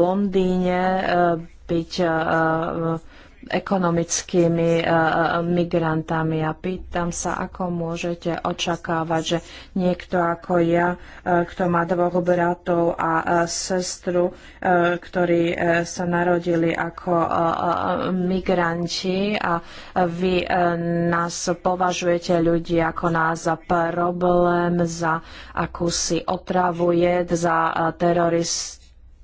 [SPEAKER 2] Londýne byť ekonomickými eh, eh, migrantami. A pýtam sa, ako môžete očakávať, že niekto ako ja, eh, kto má dvoch bratov a sestru, ktorí sa narodili ako migranti a vy nás považujete ľudí ako nás za problém, za akúsi otravu jed, za teroristov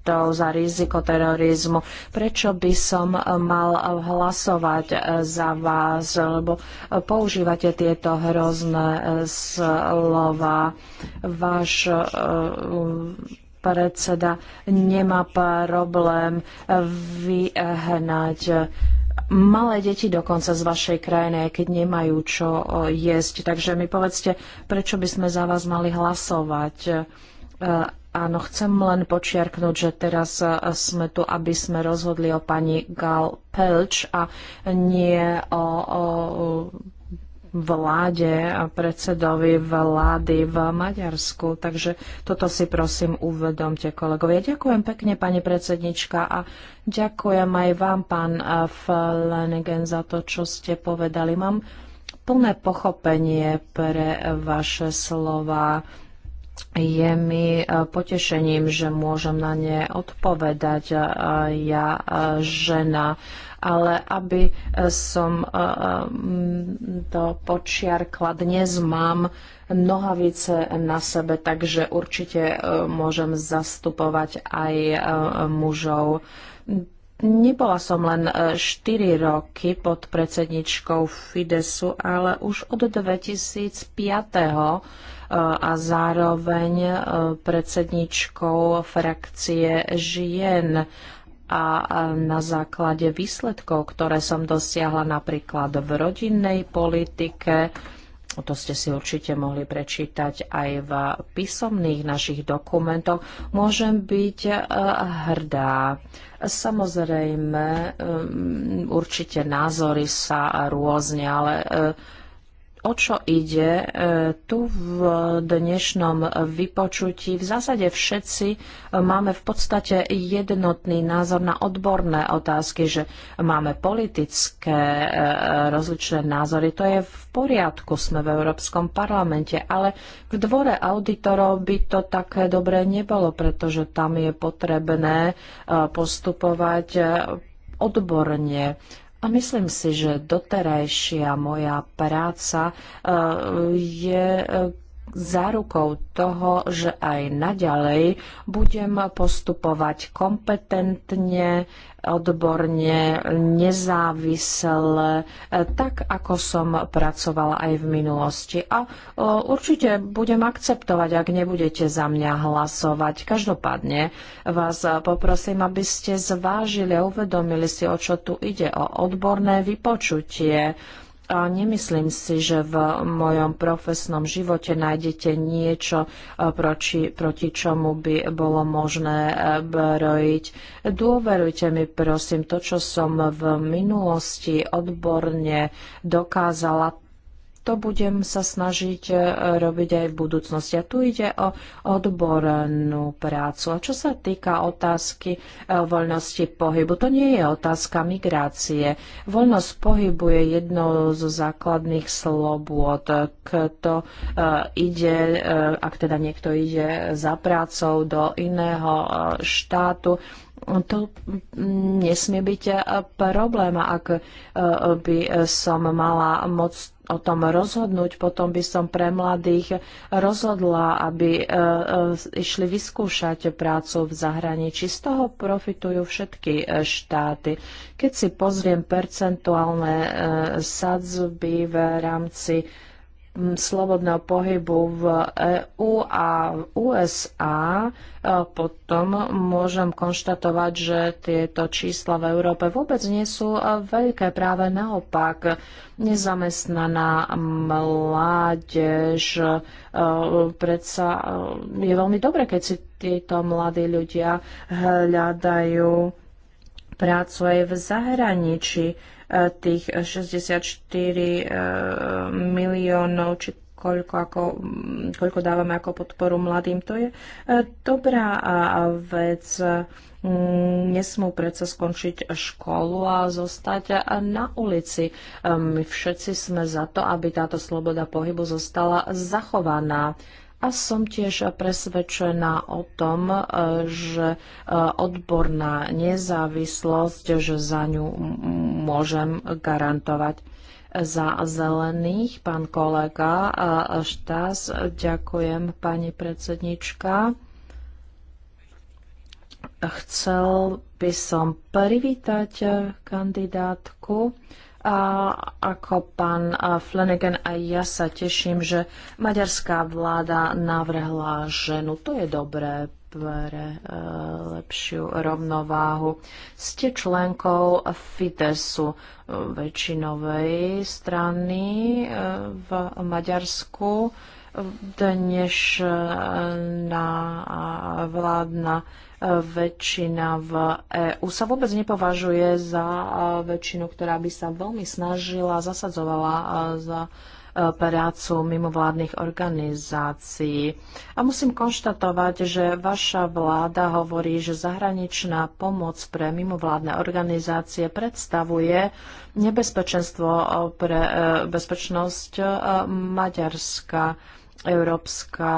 [SPEAKER 2] obeťou za riziko terorizmu. Prečo by som mal hlasovať eh, za vás, lebo eh, používate tieto hrozné eh, slova. Váš mm, predseda nemá problém vyhnať malé deti dokonca z vašej krajiny, aj keď nemajú čo jesť. Takže mi povedzte, prečo by sme za vás mali hlasovať Áno, chcem len počiarknúť, že teraz e, sme tu, aby sme rozhodli o pani Gal Pelč a nie o, o vláde a predsedovi vlády v Maďarsku. Takže toto si prosím uvedomte, kolegovia. Ďakujem pekne, pani predsednička, a ďakujem aj vám, pán e, Flanagan, za to, čo ste povedali. Mám plné pochopenie pre vaše slova je mi e, potešením, že môžem na ne odpovedať e, ja e, žena, ale aby som to počiarkla, dnes mám nohavice na sebe, takže určite môžem zastupovať aj mužov. Nebola som len 4 roky pod predsedničkou Fidesu, ale už od 2005 a zároveň e, predsedničkou frakcie žien a na základe výsledkov, ktoré som dosiahla napríklad v rodinnej politike, to ste si určite mohli prečítať aj v písomných našich dokumentoch, môžem byť e, hrdá. Samozrejme, e, určite názory sa rôzne, ale o čo ide e, tu v dnešnom vypočutí. V zásade všetci e, máme v podstate jednotný názor na odborné otázky, že máme politické e, rozličné názory. To je v poriadku, sme v Európskom parlamente, ale v dvore auditorov by to také dobré nebolo, pretože tam je potrebné postupovať odborne a myslím si, že doterajšia moja práca eh, je eh, zárukou toho, že aj naďalej budem postupovať kompetentne, odborne, nezávisle, tak ako som pracovala aj v minulosti. A e, určite budem akceptovať, ak nebudete za mňa hlasovať. Každopádne vás poprosím, aby ste zvážili a uvedomili si, o čo tu ide, o odborné vypočutie nemyslím si, že v mojom profesnom živote nájdete niečo, e, proti, proti čomu by bolo možné e, brojiť. Dôverujte mi, prosím, to, čo som v minulosti odborne dokázala, to budem sa snažiť e, robiť aj v budúcnosti. A tu ide o odbornú prácu. A čo sa týka otázky e, voľnosti pohybu, to nie je otázka migrácie. Voľnosť pohybu je jednou zo základných slobôd. Kto e, ide, ak teda niekto ide za prácou do iného štátu, to mm, nesmie byť problém, ak by som mala moc o tom rozhodnúť, potom by som pre mladých rozhodla, aby e, e, išli vyskúšať prácu v zahraničí. Z toho profitujú všetky e, štáty. Keď si pozriem percentuálne sadzby v rámci slobodného pohybu v EU a v USA, e, potom môžem konštatovať, že tieto čísla v Európe vôbec nie sú e, veľké, práve naopak. Nezamestnaná mládež e, predsa je veľmi dobré, keď si títo mladí ľudia hľadajú prácu aj v zahraničí tých 64 eh, miliónov či koľko, ako, koľko dávame ako podporu mladým. To je eh, dobrá vec. Mm, nesmú predsa skončiť školu a zostať na ulici. Eh, my všetci sme za to, aby táto sloboda pohybu zostala zachovaná. A som tiež presvedčená o tom, e, že e, odborná nezávislosť, že za ňu môžem garantovať za zelených. Pán kolega e, Štás, ďakujem pani predsednička. Chcel by som privítať kandidátku. A ako pán Flanagan aj ja sa teším, že maďarská vláda navrhla ženu. To je dobré pre e, lepšiu rovnováhu. Ste členkou Fidesu, e, väčšinovej strany e, v Maďarsku dnešná vládna väčšina v EU sa vôbec nepovažuje za väčšinu, ktorá by sa veľmi snažila, zasadzovala za prácu mimovládnych organizácií. A musím konštatovať, že vaša vláda hovorí, že zahraničná pomoc pre mimovládne organizácie predstavuje nebezpečenstvo pre e, bezpečnosť e, Maďarska. Európska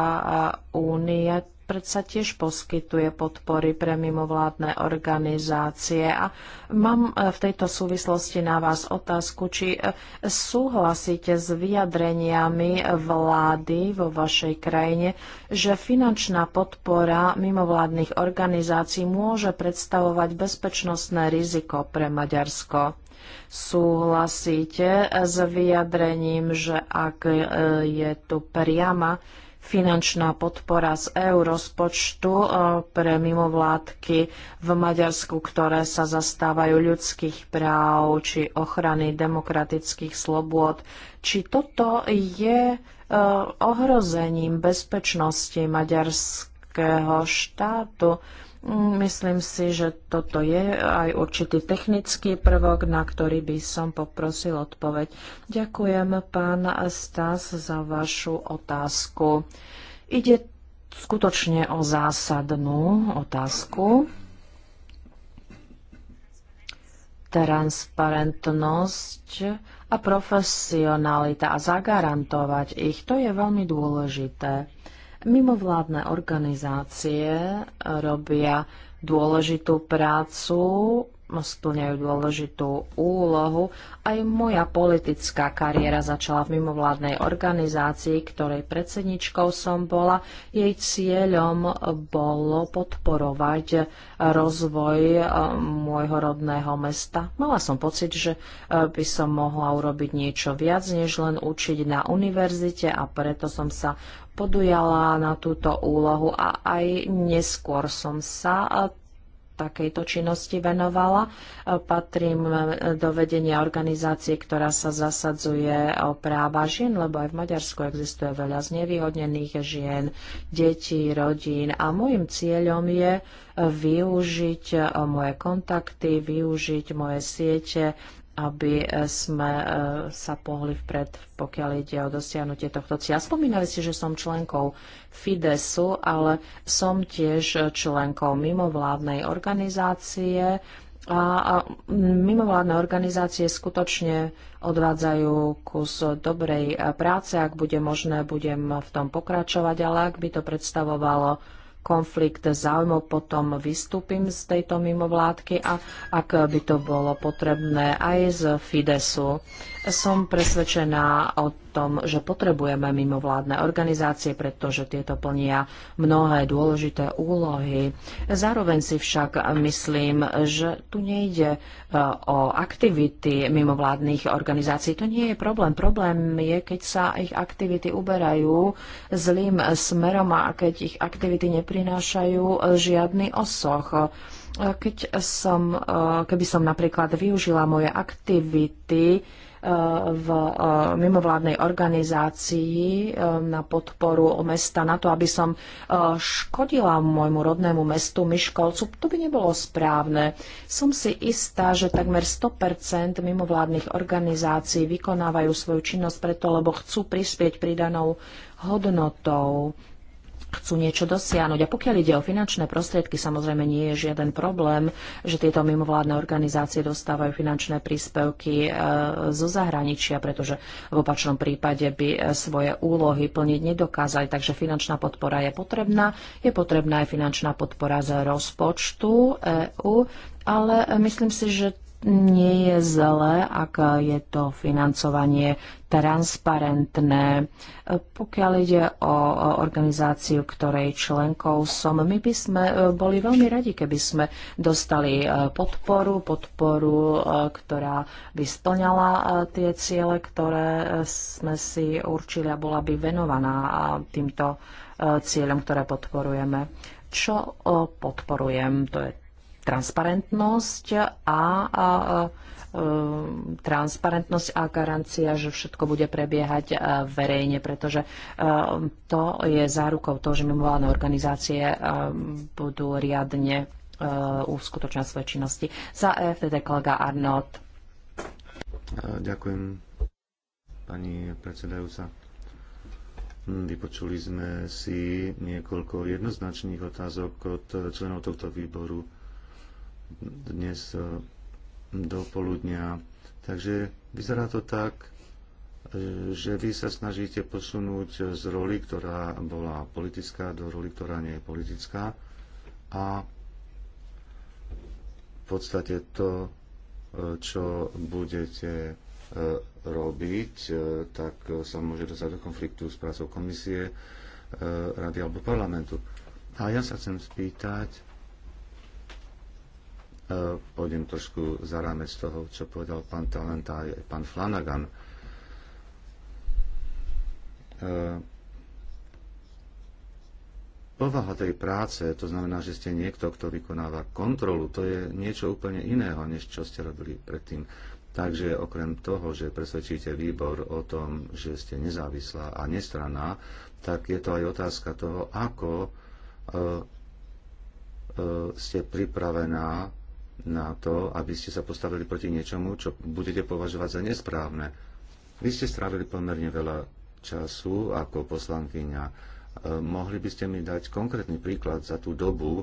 [SPEAKER 2] únia predsa tiež poskytuje podpory pre mimovládne organizácie. A mám e, v tejto súvislosti na vás otázku, či e, súhlasíte s vyjadreniami vlády vo vašej krajine, že finančná podpora mimovládnych organizácií môže predstavovať bezpečnostné riziko pre Maďarsko súhlasíte s vyjadrením, že ak e, je tu priama finančná podpora z EU rozpočtu e, pre mimovládky v Maďarsku, ktoré sa zastávajú ľudských práv či ochrany demokratických slobôd. Či toto je e, ohrozením bezpečnosti maďarského štátu? Myslím si, že toto je aj určitý technický prvok, na ktorý by som poprosil odpoveď. Ďakujem, pán Stas, za vašu otázku. Ide skutočne o zásadnú otázku. Transparentnosť a profesionalita a zagarantovať ich, to je veľmi dôležité. Mimovládne organizácie robia dôležitú prácu, splňajú dôležitú úlohu. Aj moja politická kariéra začala v mimovládnej organizácii, ktorej predsedničkou som bola. Jej cieľom bolo podporovať rozvoj eh, môjho rodného mesta. Mala som pocit, že eh, by som mohla urobiť niečo viac, než len učiť na univerzite a preto som sa podujala na túto úlohu a aj neskôr som sa e, takejto činnosti venovala. E, patrím e, do vedenia organizácie, ktorá sa zasadzuje o práva žien, lebo aj v Maďarsku existuje veľa znevýhodnených žien, detí, rodín a môjim cieľom je využiť moje kontakty, využiť moje siete aby e, sme e, sa pohli vpred, pokiaľ ide o dosiahnutie tohto cieľa. Spomínali ste, že som členkou Fidesu, ale som tiež členkou mimovládnej organizácie. A mimovládne organizácie skutočne odvádzajú kus dobrej e, práce. Ak bude možné, budem v tom pokračovať, ale ak by to predstavovalo konflikt záujmov, potom vystúpim z tejto mimovládky a ak by to bolo potrebné aj z Fidesu. Som presvedčená o tom, že potrebujeme mimovládne organizácie, pretože tieto plnia mnohé dôležité úlohy. Zároveň si však myslím, že tu nejde e, o aktivity mimovládnych organizácií. To nie je problém. Problém je, keď sa ich aktivity uberajú zlým smerom a keď ich aktivity neprinášajú žiadny osoch keď som, e, keby som napríklad využila moje aktivity v e, mimovládnej organizácii e, na podporu mesta na to, aby som e, škodila môjmu rodnému mestu Myškolcu. To by nebolo správne. Som si istá, že takmer 100% mimovládnych organizácií vykonávajú svoju činnosť preto, lebo chcú prispieť pridanou hodnotou chcú niečo dosiahnuť. A pokiaľ ide o finančné prostriedky, samozrejme nie je žiaden problém, že tieto mimovládne organizácie dostávajú finančné príspevky e, zo zahraničia, pretože v opačnom prípade by e, svoje úlohy plniť nedokázali. Takže finančná podpora je potrebná. Je potrebná aj finančná podpora z rozpočtu EÚ, ale myslím si, že nie je zlé, ak je to financovanie transparentné. Pokiaľ ide o organizáciu, ktorej členkou som, my by sme e, boli veľmi radi, keby sme dostali e, podporu, podporu, e, ktorá by splňala tie ciele, ktoré sme si určili a bola by venovaná týmto cieľom, ktoré podporujeme. Čo podporujem? To je transparentnosť a, a, a e, transparentnosť a garancia, že všetko bude prebiehať e, verejne, pretože e, to je zárukou toho, že mimovládne organizácie budú riadne uskutočňovať svoje činnosti. Za EFTD kolega Arnold.
[SPEAKER 3] Ďakujem, pani predsedajúca. Hm, vypočuli sme si niekoľko jednoznačných otázok od členov tohto výboru dnes e, do poludnia. Takže vyzerá to tak, e, že vy sa snažíte posunúť z roli, ktorá bola politická, do roli, ktorá nie je politická. A v podstate to, e, čo budete robiť, tak sa môže dostať do konfliktu s prácou komisie, rady alebo parlamentu. A ja sa chcem spýtať, pôjdem trošku za rámec toho, čo povedal pán Talenta aj pán Flanagan. E, povaha tej práce, to znamená, že ste niekto, kto vykonáva kontrolu, to je niečo úplne iného, než čo ste robili predtým. Takže okrem toho, že presvedčíte výbor o tom, že ste nezávislá a nestraná, tak je to aj otázka toho, ako e, e, ste pripravená na to, aby ste sa postavili proti niečomu, čo budete považovať za nesprávne. Vy ste strávili pomerne veľa času ako poslankyňa. E, mohli by ste mi dať konkrétny príklad za tú dobu,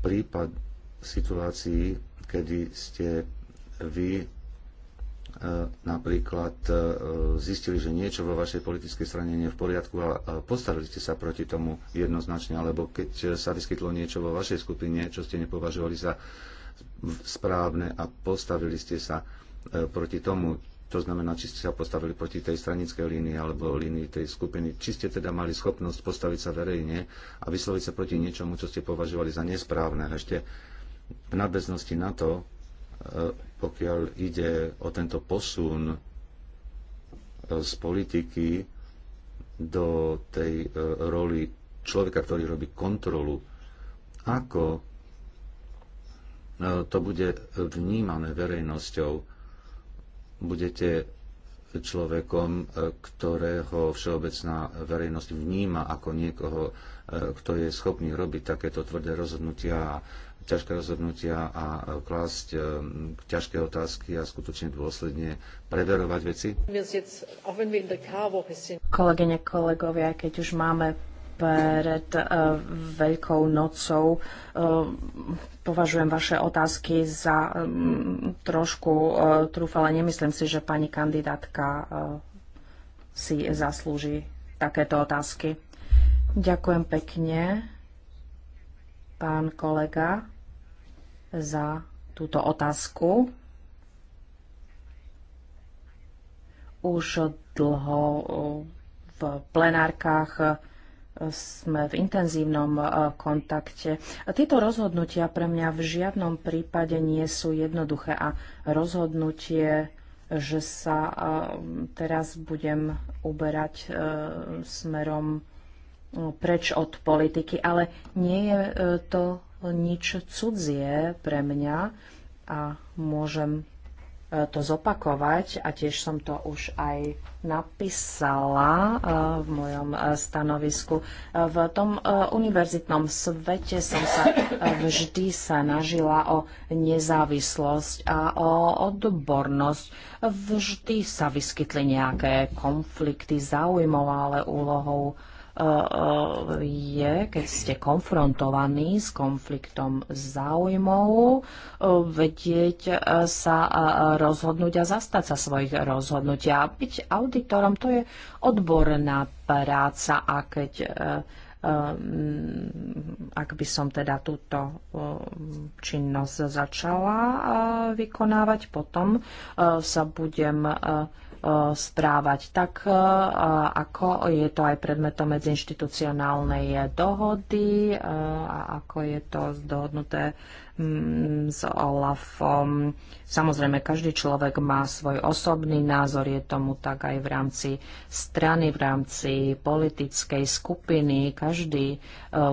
[SPEAKER 3] prípad situácií, kedy ste vy e, napríklad e, zistili, že niečo vo vašej politickej strane nie je v poriadku a postavili ste sa proti tomu jednoznačne, alebo keď sa vyskytlo niečo vo vašej skupine, čo ste nepovažovali za správne a postavili ste sa e, proti tomu. To znamená, či ste sa postavili proti tej stranickej línii alebo línii tej skupiny. Či ste teda mali schopnosť postaviť sa verejne a vysloviť sa proti niečomu, čo ste považovali za nesprávne. A ešte v nadväznosti na to, e, pokiaľ ide o tento posun e, z politiky do tej roli človeka, ktorý robí kontrolu, ako E, to bude vnímané verejnosťou. Budete človekom, e, ktorého všeobecná verejnosť vníma ako niekoho, e, kto je schopný robiť takéto tvrdé rozhodnutia a ťažké rozhodnutia a klásť ťažké otázky a skutočne dôsledne preverovať veci. Kolegyne,
[SPEAKER 2] kolegovia, keď už máme
[SPEAKER 3] pred
[SPEAKER 2] eh, Veľkou nocou. Eh, považujem vaše otázky za mm, trošku eh, trúfale. Nemyslím si, že pani kandidátka si zaslúži takéto otázky. Ďakujem pekne, pán kolega, za túto otázku. Už dlho v plenárkach sme v intenzívnom e, kontakte. Tieto rozhodnutia pre mňa v žiadnom prípade nie sú jednoduché a rozhodnutie, že sa e, teraz budem uberať e, smerom preč od politiky, ale nie je to nič cudzie pre mňa a môžem to zopakovať a tiež som to už aj napísala e, v mojom e, stanovisku. E, v tom univerzitnom svete som sa vždy sa nažila o nezávislosť a o odbornosť. Vždy sa vyskytli nejaké konflikty zaujímavé, ale úlohou Eh, je, keď ste konfrontovaní s konfliktom záujmov, eh, vedieť eh, sa rozhodnúť a zastať sa svojich rozhodnutia. byť auditorom to je odborná práca a keď ak by som teda túto činnosť začala vykonávať, potom sa budem E, správať tak, e, ako je to aj predmetom medziinstitucionálnej dohody e, a ako je to dohodnuté Mm, s Olafom. Samozrejme, každý človek má svoj osobný názor, je tomu tak aj v rámci strany, v rámci politickej skupiny. Každý e,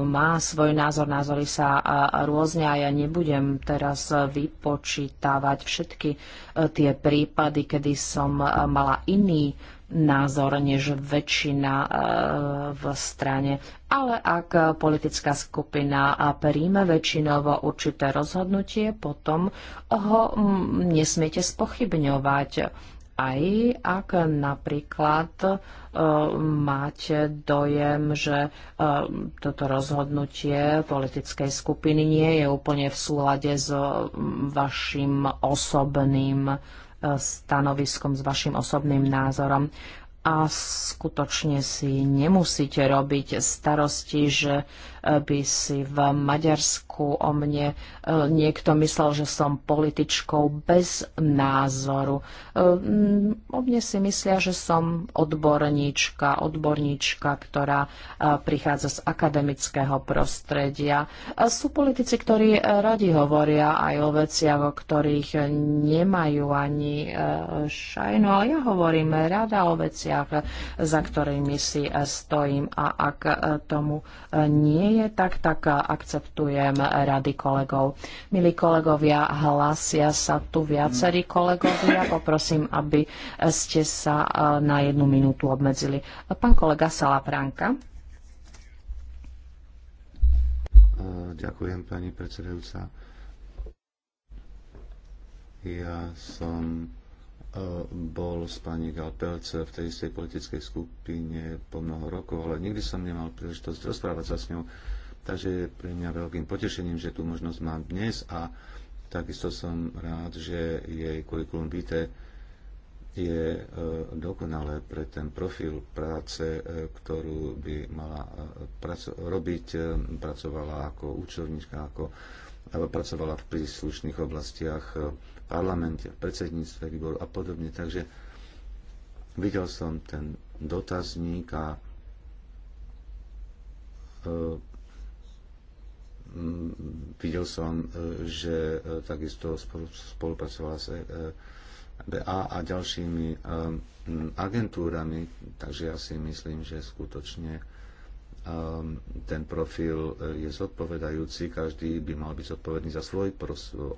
[SPEAKER 2] má svoj názor, názory sa e, rôzne a ja nebudem teraz vypočítavať všetky e, tie prípady, kedy som mala iný názor než väčšina e, v strane. Ale ak politická skupina príjme väčšinovo určité rozhodnutie, potom ho nesmiete spochybňovať. Aj ak napríklad e, máte dojem, že e, toto rozhodnutie politickej skupiny nie je úplne v súlade s vašim osobným stanoviskom, s vašim osobným názorom. A skutočne si nemusíte robiť starosti, že by si v Maďarsku o mne e, niekto myslel, že som političkou bez názoru. E, o mne si myslia, že som odborníčka, odborníčka, ktorá e, prichádza z akademického prostredia. Sú politici, ktorí radi hovoria aj o veciach, o ktorých nemajú ani šajnu, ale ja hovorím rada o veciach, za ktorými si stojím a ak tomu nie je, tak tak akceptujem rady kolegov. Milí kolegovia, hlasia sa tu viacerí kolegovia. Poprosím, aby ste sa e, na jednu minútu obmedzili. Pán kolega Salapránka.
[SPEAKER 3] E, ďakujem, pani predsedajúca. Ja som bol s pani Galpelce v tej istej politickej skupine po mnoho rokov, ale nikdy som nemal príležitosť rozprávať sa s ňou, takže je pre mňa veľkým potešením, že tú možnosť mám dnes a takisto som rád, že jej kurikulum vitae je e, dokonalé pre ten profil práce, e, ktorú by mala e, robiť. Pracovala ako účovníčka, ako, pracovala v príslušných oblastiach parlamente, v predsedníctve výboru a podobne. Takže videl som ten dotazník a e, mm, videl som, e, že e, takisto spolupracovala s BA a ďalšími agentúrami, takže ja si myslím, že skutočne Ehm, ten profil eh, je zodpovedajúci, každý by mal byť zodpovedný za svoj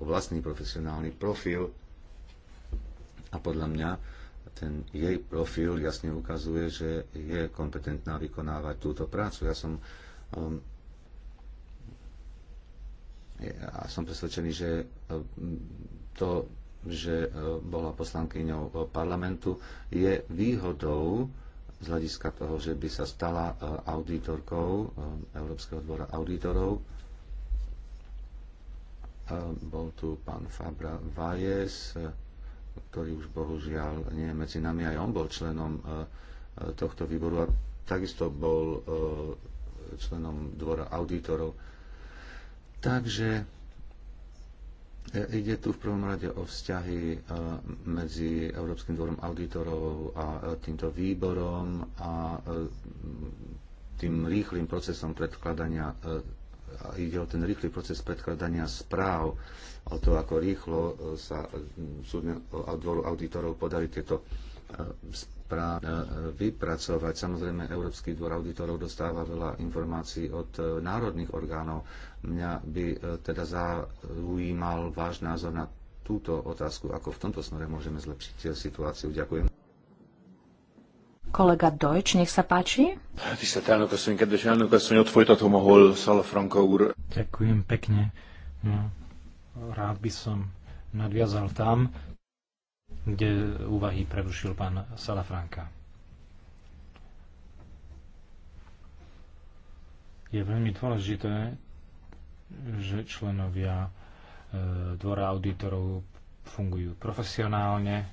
[SPEAKER 3] vlastný profesionálny profil a podľa mňa ten jej profil jasne ukazuje, že je kompetentná vykonávať túto prácu. Ja som um, ehm, ja som presvedčený, že ehm, to, že eh, bola poslankyňou eh, parlamentu, je výhodou z hľadiska toho, že by sa stala e, auditorkou e, Európskeho dvora auditorov. E, bol tu pán Fabra Vajes, ktorý už bohužiaľ nie je medzi nami, aj on bol členom tohto výboru a takisto bol členom dvora auditorov. Takže E, ide tu v prvom rade o vzťahy e, medzi Európskym dvorom auditorov a e, týmto výborom a tým rýchlým procesom predkladania ide o ten rýchly proces predkladania správ, o to, ako rýchlo sa súdne dvoru auditorov podarí tieto E, vypracovať. Samozrejme, Európsky dvor auditorov dostáva veľa informácií od e, národných orgánov. Mňa by e, teda zaujímal váš názor na túto otázku, ako v tomto smere môžeme zlepšiť situáciu. Ďakujem.
[SPEAKER 2] Kolega Dojč, nech sa páči.
[SPEAKER 4] Ďakujem pekne. No, rád by som nadviazal tam, kde úvahy prerušil pán Salafranka. Je veľmi dôležité, že členovia e, dvora auditorov fungujú profesionálne,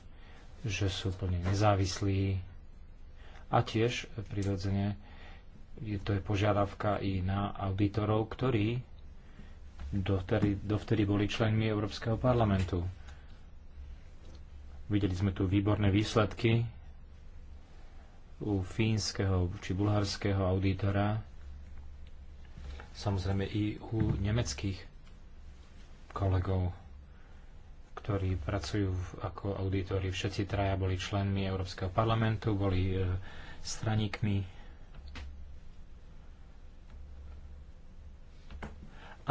[SPEAKER 4] že sú plne nezávislí a tiež prirodzene je to je požiadavka i na auditorov, ktorí dovtedy, dovtedy boli členmi Európskeho parlamentu Videli sme tu výborné výsledky u fínskeho či bulharského auditora, samozrejme i u nemeckých kolegov, ktorí pracujú ako auditori. Všetci traja boli členmi Európskeho parlamentu, boli e, straníkmi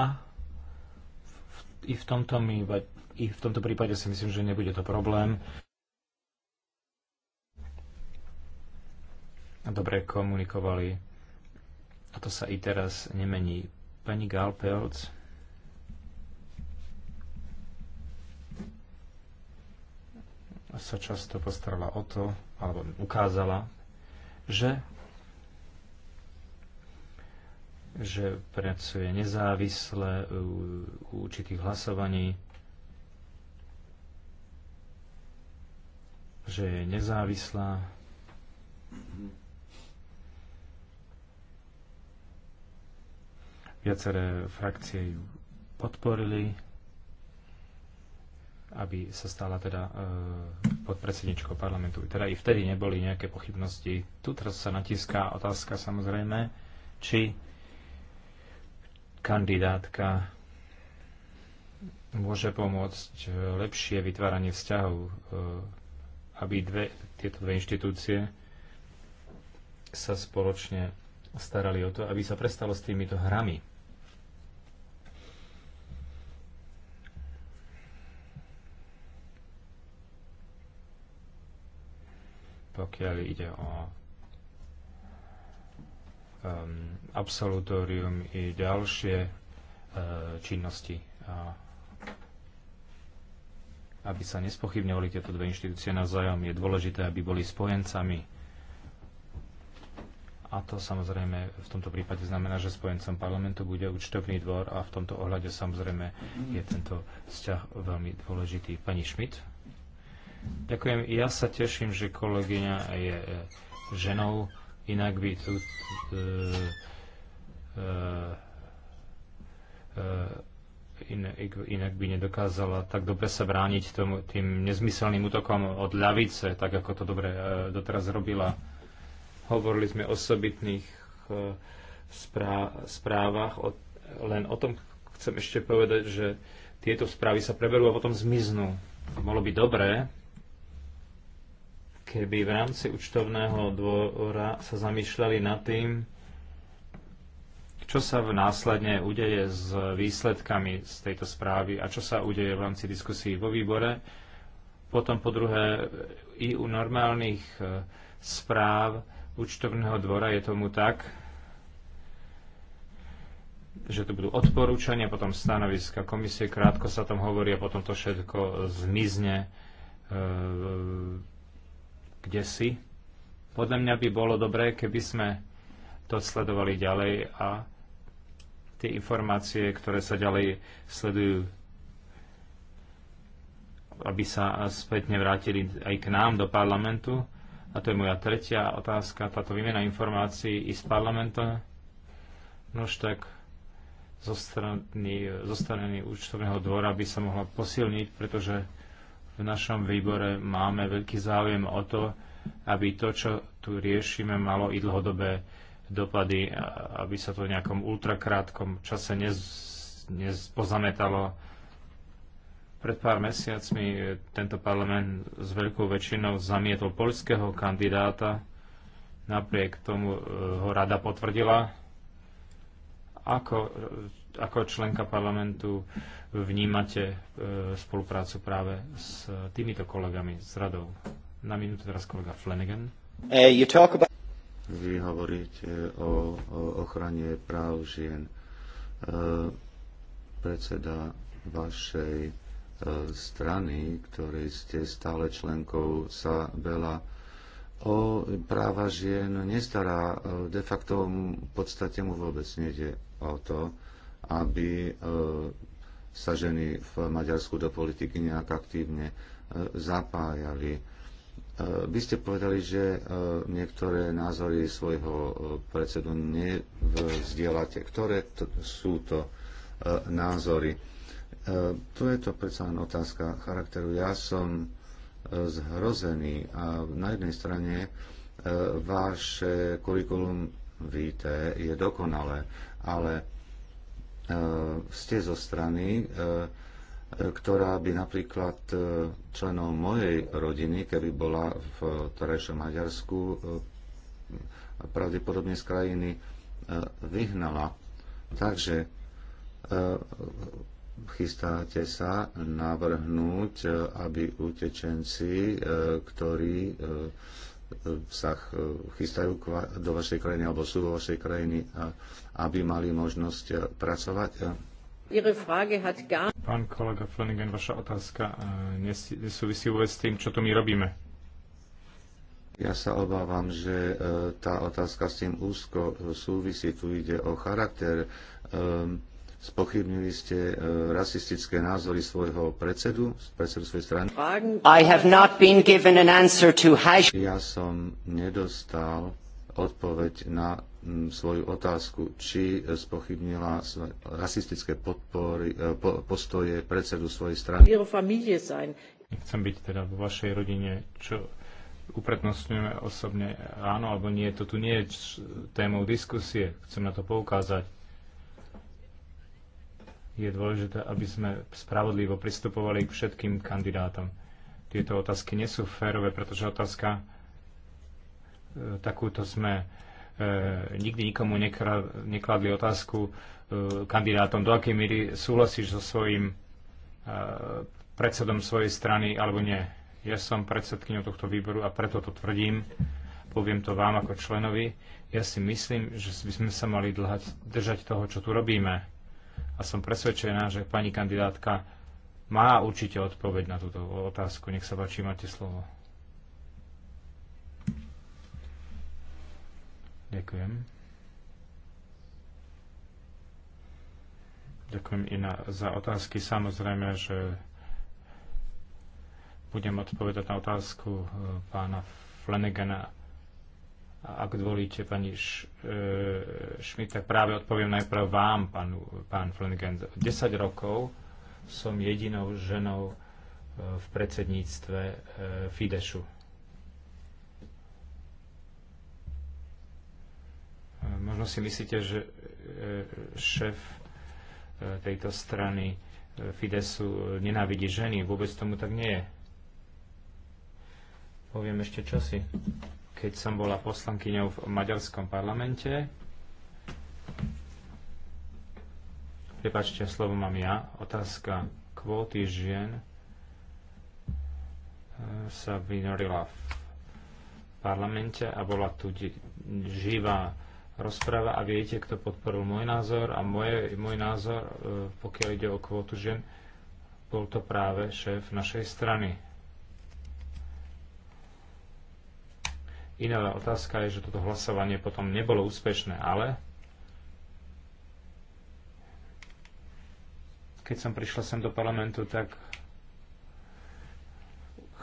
[SPEAKER 4] a v, i v tomto mi i v tomto prípade si myslím, že nebude to problém. Dobre komunikovali. A to sa i teraz nemení. Pani Galpelc. sa často postarala o to, alebo ukázala, že že pracuje nezávisle u, uh, u určitých hlasovaní, že je nezávislá. Viaceré frakcie ju podporili, aby sa stala teda e, podpredsedničkou parlamentu. Teda i vtedy neboli nejaké pochybnosti. Tu teraz sa natiská otázka samozrejme, či kandidátka môže pomôcť e, lepšie vytváranie vzťahov e, aby dve, tieto dve inštitúcie sa spoločne starali o to, aby sa prestalo s týmito hrami. Pokiaľ ide o um, absolutórium i ďalšie uh, činnosti uh, aby sa nespochybňovali tieto dve inštitúcie navzájom. Je dôležité, aby boli spojencami. A to samozrejme v tomto prípade znamená, že spojencom parlamentu bude účtovný dvor a v tomto ohľade samozrejme je tento vzťah veľmi dôležitý. Pani Šmit? Ďakujem. Ja sa teším, že kolegyňa je e, ženou, inak by tu Uh, uh, uh, inak by nedokázala tak dobre sa brániť tom tým nezmyselným útokom od ľavice, tak ako to dobre e, doteraz robila. Hovorili sme o osobitných e, správach. len o tom chcem ešte povedať, že tieto správy sa preberú a potom zmiznú. Bolo by dobré, keby v rámci účtovného dvora sa zamýšľali nad tým, čo sa následne udeje s výsledkami z tejto správy a čo sa udeje v rámci diskusí vo výbore. Potom po druhé, i u normálnych e, správ účtovného dvora je tomu tak, že to budú odporúčania, potom stanoviska komisie, krátko sa tam hovorí a potom to všetko zmizne e, kde si. Podľa mňa by bolo dobré, keby sme to sledovali ďalej a tie informácie, ktoré sa ďalej sledujú, aby sa spätne vrátili aj k nám do parlamentu. A to je moja tretia otázka, táto výmena informácií i z parlamenta. Nož tak zo strany, zo strany účtovného dvora by sa mohla posilniť, pretože v našom výbore máme veľký záujem o to, aby to, čo tu riešime, malo i dlhodobé dopady, aby sa to v nejakom ultrakrátkom čase nez, Pred pár mesiacmi e, tento parlament s veľkou väčšinou zamietol poľského kandidáta, napriek tomu e, ho rada potvrdila. Ako, e, ako členka parlamentu vnímate spoluprácu práve s týmito kolegami, s radou? Na minútu teraz kolega Flanagan.
[SPEAKER 3] Uh, you talk about... Vy hovoríte o, o ochrane práv žien. E, predseda vašej e, strany, ktorej ste stále členkou, sa veľa o práva žien nestará. E, de facto v podstate mu vôbec nejde o to, aby e, sa ženy v Maďarsku do politiky nejak aktívne e, zapájali E, vy ste povedali, že e, niektoré názory svojho e, predsedu nevzdielate. Ktoré to, sú to názory? Tu je to predsa len otázka charakteru. Ja som zhrozený a na jednej strane vaše kurikulum vitae je dokonalé, ale ste zo strany ktorá by napríklad e, členom mojej rodiny, keby bola v terajšom Maďarsku, e, pravdepodobne z krajiny e, vyhnala. Takže chystáte sa navrhnúť, aby utečenci, ktorí sa chystajú do vašej krajiny alebo sú vo vašej krajiny, aby mali možnosť pracovať.
[SPEAKER 4] Pán kolega Flanagan, vaša otázka e, nesúvisí vôbec s tým, čo tu my robíme. Ja sa
[SPEAKER 3] obávam, že e, tá otázka s tým úzko súvisí. Tu ide o charakter. E, spochybnili ste rasistické názory svojho predsedu, predsedu svojej strany.
[SPEAKER 1] I have not been given an answer
[SPEAKER 3] to hash. Ja som nedostal odpoveď na Mm, svoju otázku, či e, spochybnila rasistické podpory, e, postoje predsedu svojej strany.
[SPEAKER 4] Chcem byť teda vo vašej rodine, čo uprednostňujeme osobne áno alebo nie, to tu nie je témou diskusie, chcem na to poukázať. Je dôležité, aby sme spravodlivo pristupovali k všetkým kandidátom. Tieto otázky nie sú férové, pretože otázka e, takúto sme E, nikdy nikomu nekladli otázku e, kandidátom, do akej míry súhlasíš so svojím e, predsedom svojej strany alebo nie. Ja som predsedkyňou tohto výboru a preto to tvrdím, poviem to vám ako členovi. Ja si myslím, že by sme sa mali dlhať, držať toho, čo tu robíme. A som presvedčená, že pani kandidátka má určite odpoveď na túto otázku. Nech sa páči, máte slovo. Ďakujem. Ďakujem i na, za otázky. Samozrejme, že budem odpovedať na otázku e, pána Flanagana. Ak dovolíte, pani e, Šmit, tak práve odpoviem najprv vám, pán, pán Flanagan. 10 rokov som jedinou ženou e, v predsedníctve Fidešu. Možno si myslíte, že e, šéf e, tejto strany e, Fidesu nenávidí ženy. Vôbec tomu tak nie je. Poviem ešte čosi. Keď som bola poslankyňou v maďarskom parlamente, prepačte, slovo mám ja, otázka kvóty žien sa vynorila v parlamente a bola tu živá rozpráva a viete, kto podporil môj názor a moje, môj názor, e, pokiaľ ide o kvotu žen, bol to práve šéf našej strany. Iná otázka je, že toto hlasovanie potom nebolo úspešné, ale keď som prišla sem do parlamentu, tak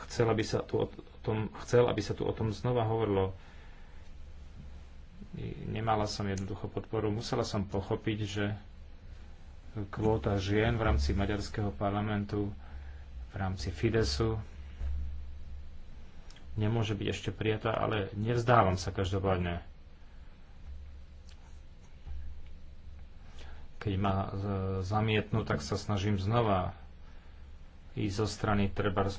[SPEAKER 4] chcel, aby sa tu o tom, chcel, aby sa tu o tom znova hovorilo. Nemala som jednoducho podporu. Musela som pochopiť, že kvóta žien v rámci maďarského parlamentu, v rámci Fidesu, nemôže byť ešte prijatá, ale nevzdávam sa každopádne. Keď ma e, zamietnú, tak sa snažím znova ísť zo strany treba e,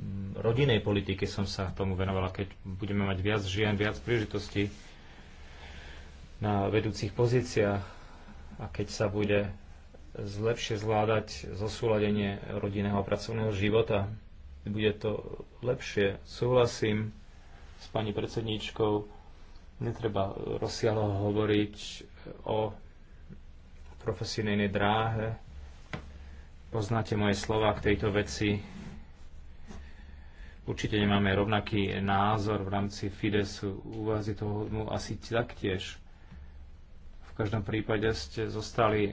[SPEAKER 4] Mm, rodinnej politike som sa tomu venovala, keď budeme mať viac žien, viac príležitostí na vedúcich pozíciách a keď sa bude lepšie zvládať zosúladenie rodinného a pracovného života, bude to lepšie. Súhlasím s pani predsedníčkou, netreba rozsiahlo hovoriť o profesijnej dráhe. Poznáte moje slova k tejto veci Určite nemáme rovnaký názor v rámci Fidesu. je toho no, asi taktiež. V každom prípade ste zostali e,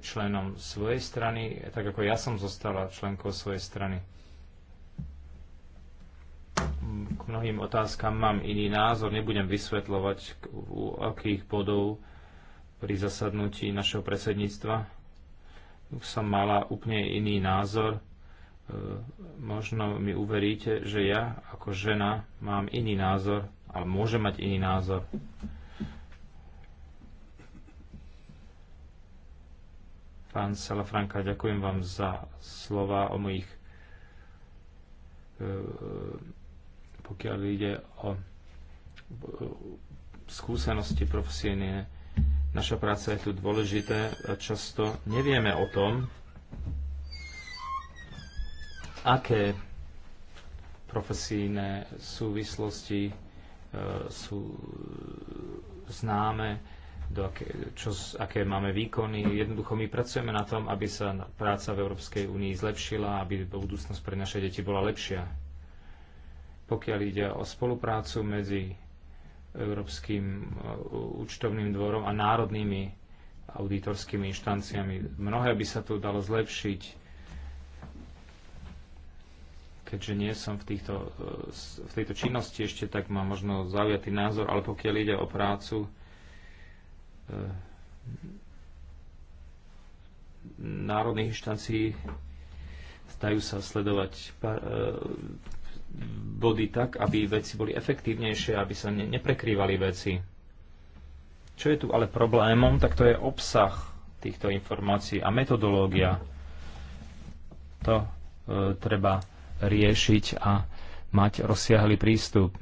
[SPEAKER 4] členom svojej strany, tak ako ja som zostala členkou svojej strany. K mnohým otázkam mám iný názor, nebudem vysvetľovať, u akých bodov pri zasadnutí našeho predsedníctva. som mala úplne iný názor E, možno mi uveríte, že ja ako žena mám iný názor, ale môžem mať iný názor. Pán Salafranka, ďakujem vám za slova o mojich e, pokiaľ ide o e, skúsenosti profesie, naša práca je tu dôležité. Často nevieme o tom, aké profesijné súvislosti e, sú známe, do aké, čo, aké máme výkony. Jednoducho my pracujeme na tom, aby sa práca v Európskej únii zlepšila, aby budúcnosť pre naše deti bola lepšia. Pokiaľ ide o spoluprácu medzi Európskym e, účtovným dvorom a národnými auditorskými inštanciami. Mnohé by sa tu dalo zlepšiť keďže nie som v, týchto, eh, v tejto činnosti ešte, tak mám možno zaujatý názor, ale pokiaľ ide o prácu eh, národných inštancií, stajú sa sledovať eh, body tak, aby veci boli efektívnejšie, aby sa ne, neprekrývali veci. Čo je tu ale problémom, tak to je obsah týchto informácií a metodológia. To e, treba riešiť a mať rozsiahly prístup.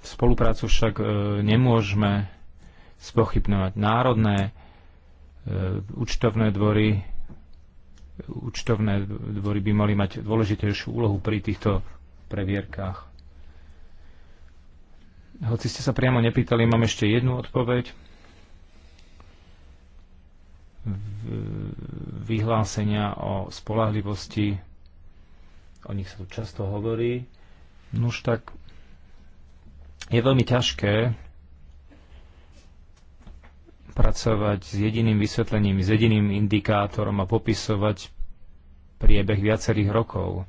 [SPEAKER 4] Spoluprácu však e, nemôžeme spochybňovať. Národné e, účtovné dvory účtovné dvory by mali mať dôležitejšiu úlohu pri týchto previerkách. Hoci ste sa priamo nepýtali, mám ešte jednu odpoveď. Vyhlásenia o spolahlivosti o nich sa tu často hovorí. už tak je veľmi ťažké pracovať s jediným vysvetlením, s jediným indikátorom a popisovať priebeh viacerých rokov.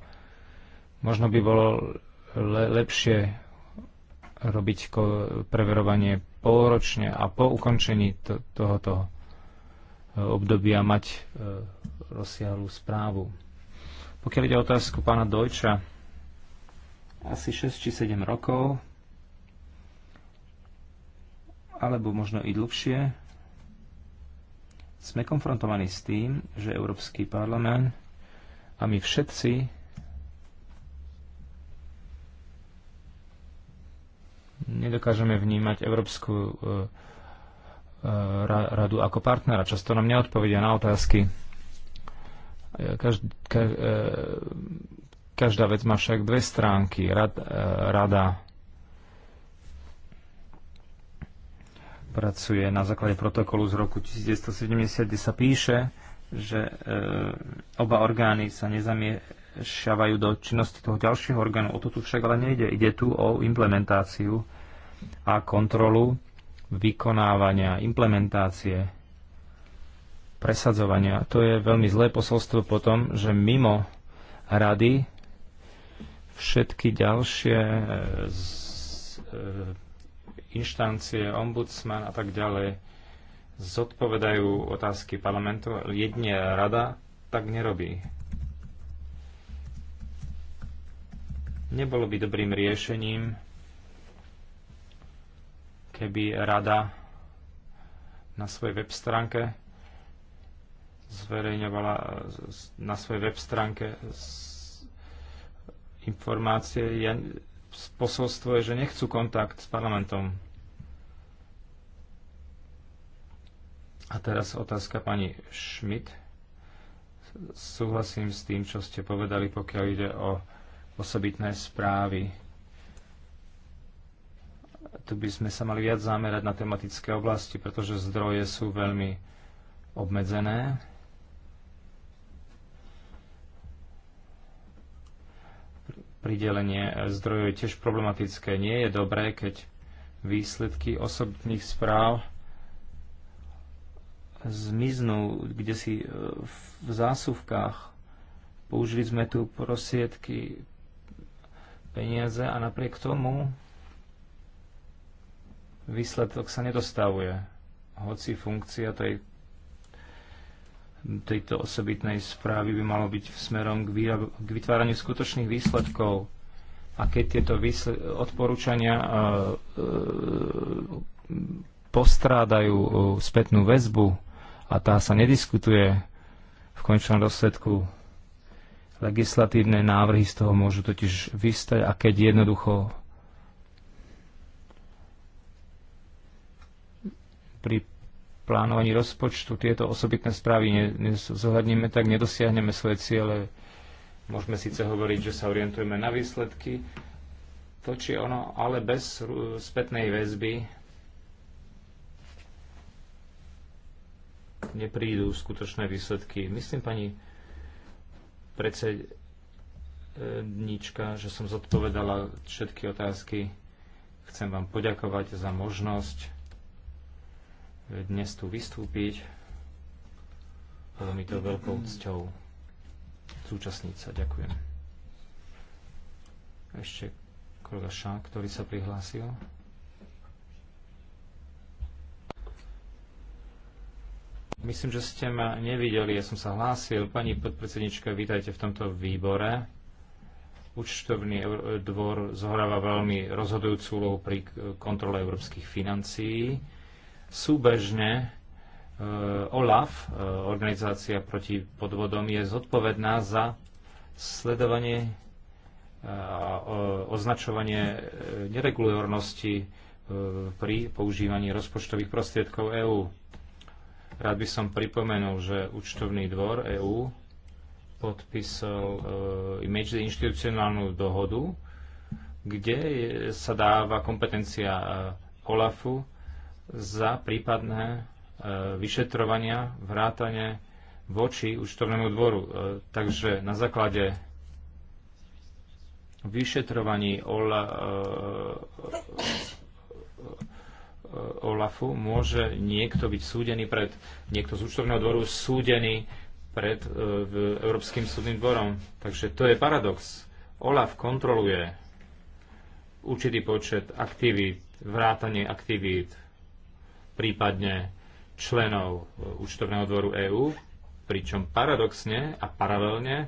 [SPEAKER 4] Možno by bolo le- lepšie robiť preverovanie polročne a po ukončení to- tohoto obdobia mať e, rozsiahlú správu. Pokiaľ ide o otázku pána Dojča, asi 6 či 7 rokov, alebo možno i dlhšie, sme konfrontovaní s tým, že Európsky parlament a my všetci nedokážeme vnímať Európsku e, e, radu ako partnera. Často nám neodpovedia na otázky, Každ, ka, e, každá vec má však dve stránky. Rad, e, rada pracuje na základe protokolu z roku 1970, kde sa píše, že e, oba orgány sa nezamiešavajú do činnosti toho ďalšieho orgánu. O to tu však ale nejde. Ide tu o implementáciu a kontrolu vykonávania, implementácie presadzovania. To je veľmi zlé posolstvo potom, že mimo rady všetky ďalšie e, z, e, inštancie, ombudsman a tak ďalej zodpovedajú otázky parlamentu, jedne rada tak nerobí. Nebolo by dobrým riešením, keby rada na svojej web stránke zverejňovala na svojej web stránke informácie. Ja, posolstvo je, že nechcú kontakt s parlamentom. A teraz otázka pani Schmidt. Súhlasím s tým, čo ste povedali, pokiaľ ide o osobitné správy. Tu by sme sa mali viac zamerať na tematické oblasti, pretože zdroje sú veľmi obmedzené pridelenie zdrojov je tiež problematické. Nie je dobré, keď výsledky osobných správ zmiznú kde si e, v zásuvkách. Použili sme tu prosiedky, peniaze a napriek tomu výsledok sa nedostavuje. Hoci funkcia tej tejto osobitnej správy by malo byť smerom k, výrab- k vytváraniu skutočných výsledkov. A keď tieto odporúčania uh, uh, postrádajú e, spätnú väzbu a tá sa nediskutuje v končnom dosledku, legislatívne návrhy z toho môžu totiž vystať a keď jednoducho pri plánovaní rozpočtu tieto osobitné správy nezohľadníme, tak nedosiahneme svoje ciele. Môžeme síce hovoriť, že sa orientujeme na výsledky, to či ono, ale bez spätnej väzby neprídu skutočné výsledky. Myslím, pani predsednička, že som zodpovedala všetky otázky. Chcem vám poďakovať za možnosť dnes tu vystúpiť. Bolo mi to veľkou cťou zúčastniť sa. Ďakujem. Ešte kolega Šán, ktorý sa prihlásil. Myslím, že ste ma nevideli, ja som sa hlásil. Pani podpredsednička, vítajte v tomto výbore. Účtovný dvor zohráva veľmi rozhodujúcu úlohu pri kontrole európskych financií. Súbežne e, OLAF, e, Organizácia proti podvodom, je zodpovedná za sledovanie e, a označovanie neregulárnosti pri používaní rozpočtových prostriedkov EÚ. Rád by som pripomenul, že účtovný dvor EÚ podpísal image inštitucionálnu dohodu, kde sa dáva kompetencia OLAFu za prípadné e, vyšetrovania, vrátane voči účtovnému dvoru. E, takže na základe vyšetrovaní Ola, e, Olafu môže niekto byť súdený pred, niekto z účtovného dvoru súdený pred Európskym súdnym dvorom. Takže to je paradox. Olaf kontroluje určitý počet aktivít, vrátanie aktivít prípadne členov eh, účtovného dvoru EÚ, pričom paradoxne a paralelne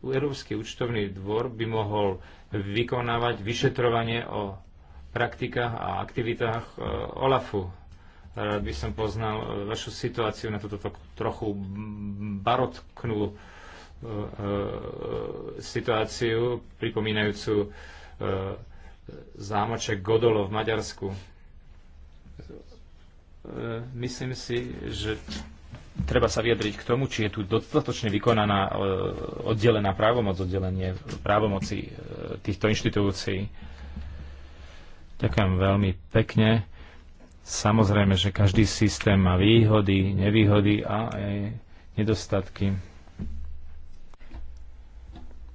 [SPEAKER 4] Európsky účtovný dvor by mohol vykonávať vyšetrovanie o praktikách a aktivitách eh, OLAFu. Rád by som poznal eh, vašu situáciu na túto trochu barotknú situáciu, pripomínajúcu zámoček Godolo v Maďarsku E, myslím si, že treba sa vyjadriť k tomu, či je tu dostatočne vykonaná e, oddelená právomoc, oddelenie právomoci e, týchto inštitúcií. Ďakujem veľmi pekne. Samozrejme, že každý systém má výhody, nevýhody a aj nedostatky.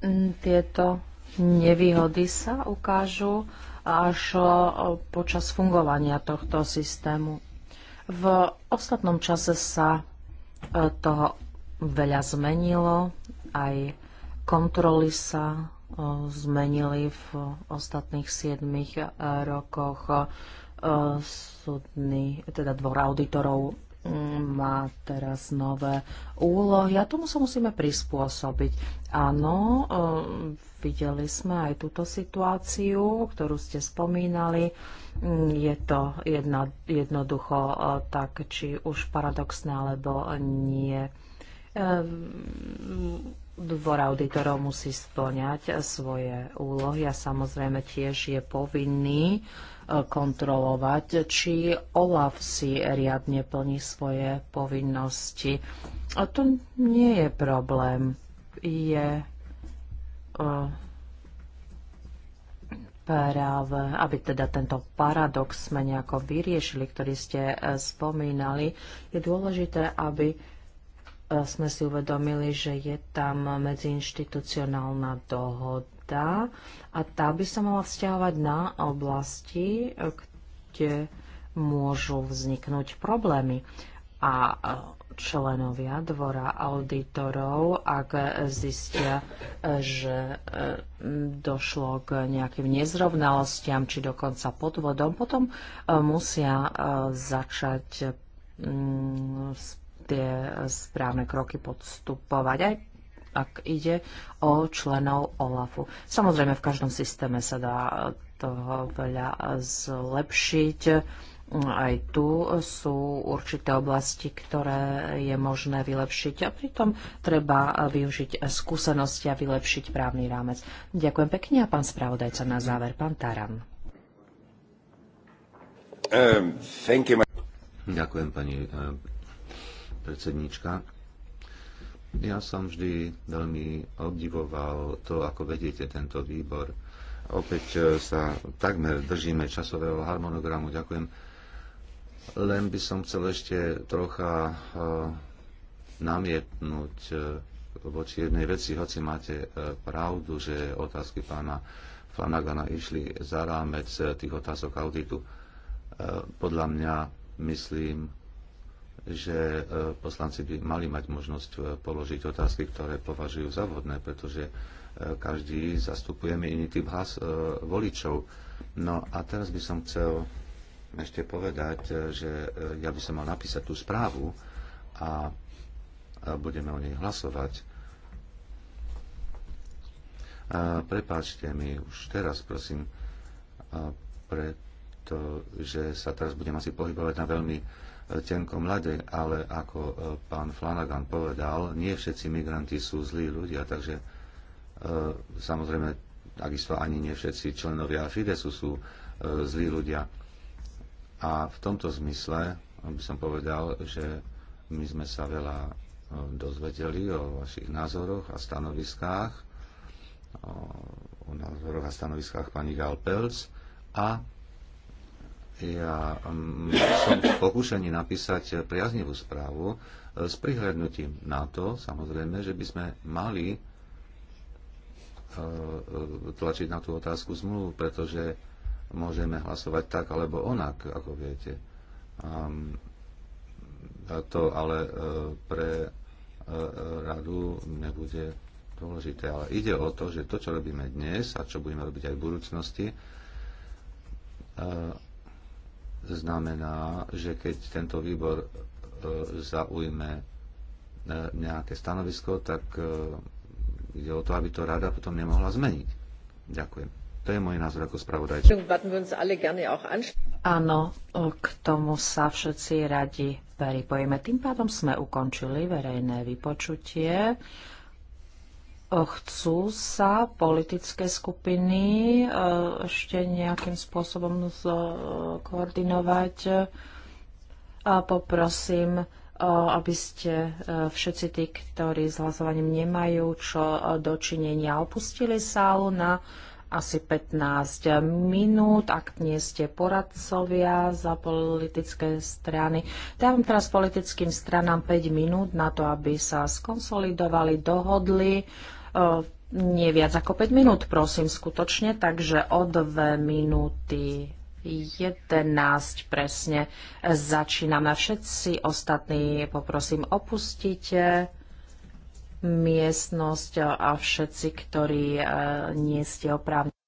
[SPEAKER 2] Mm, tieto nevýhody sa ukážu až počas fungovania tohto systému. V ostatnom čase sa e, toho veľa zmenilo, aj kontroly sa e, zmenili v ostatných 7 e, rokoch. Súdny, teda dvor auditorov mm, má teraz nové úlohy a tomu sa musíme prispôsobiť. Áno, videli sme aj túto situáciu, ktorú ste spomínali je to jedno, jednoducho e, tak, či už paradoxné alebo nie. E, dvor auditorov musí splňať svoje úlohy a samozrejme tiež je povinný e, kontrolovať, či OLAF si riadne plní svoje povinnosti. A to nie je problém. Je práve, aby teda tento paradox sme nejako vyriešili, ktorý ste e, spomínali, je dôležité, aby e, sme si uvedomili, že je tam medziinštitucionálna dohoda a tá by sa mala vzťahovať na oblasti, e, kde môžu vzniknúť problémy. A členovia dvora auditorov, ak zistia, že eh, došlo k nejakým nezrovnalostiam či dokonca podvodom, potom eh, musia eh, začať mm, tie správne kroky podstupovať aj ak ide o členov OLAFu. Samozrejme, v každom systéme sa dá toho veľa zlepšiť aj tu sú určité oblasti, ktoré je možné vylepšiť a pritom treba využiť skúsenosti a vylepšiť právny rámec. Ďakujem pekne a pán spravodajca na záver, pán Taran.
[SPEAKER 3] Um, Ďakujem, pani eh, predsednička. Ja som vždy veľmi obdivoval to, ako vediete tento výbor. Opäť eh, sa takmer držíme časového harmonogramu. Ďakujem len by som chcel ešte trocha eh, namietnúť eh, voči jednej veci, hoci máte eh, pravdu, že otázky pána Flanagana išli za rámec tých otázok auditu. Podľa mňa myslím, že poslanci by mali mať možnosť položiť otázky, ktoré považujú za vhodné, pretože každý zastupujeme iný typ hlas voličov. No a teraz by som chcel ešte povedať, e, že e, ja by som mal napísať tú správu a e, budeme o nej hlasovať. Prepáčte mi už teraz, prosím, pretože sa teraz budem asi pohybovať na veľmi tenkom ľade, ale ako pán Flanagan povedal, nie všetci migranti sú zlí ľudia, takže samozrejme takisto ani nie všetci členovia Fidesu sú zlí ľudia. A v tomto zmysle by som povedal, že my sme sa veľa e, dozvedeli o vašich názoroch a stanoviskách, o názoroch a stanoviskách pani Galpels a ja som v pokúšaní napísať priaznivú správu e, s prihľadnutím na to, samozrejme, že by sme mali e, tlačiť na tú otázku zmluvu, pretože môžeme hlasovať tak alebo onak, ako viete. A to ale e, pre e, radu nebude dôležité. Ale ide o to, že to, čo robíme dnes a čo budeme robiť aj v budúcnosti, e, znamená, že keď tento výbor zaujme nejaké stanovisko, tak ide o to, aby to rada potom nemohla zmeniť. Ďakujem. To je môj názor ako spravodajca.
[SPEAKER 1] Áno, k tomu sa všetci
[SPEAKER 2] radi pripojíme. Tým pádom sme ukončili verejné vypočutie. Chcú sa politické skupiny ešte nejakým spôsobom koordinovať. A poprosím, aby ste e, všetci tí, ktorí s hlasovaním nemajú čo e, dočinenia, opustili sálu na asi 15 minút, ak nie ste poradcovia za politické strany. Dávam teraz politickým stranám 5 minút na to, aby sa skonsolidovali, dohodli. Nie viac ako 5 minút, prosím, skutočne, takže o 2 minúty 11 presne začíname. Všetci ostatní poprosím opustite miestnosť a všetci, ktorí eh, nie ste oprávnení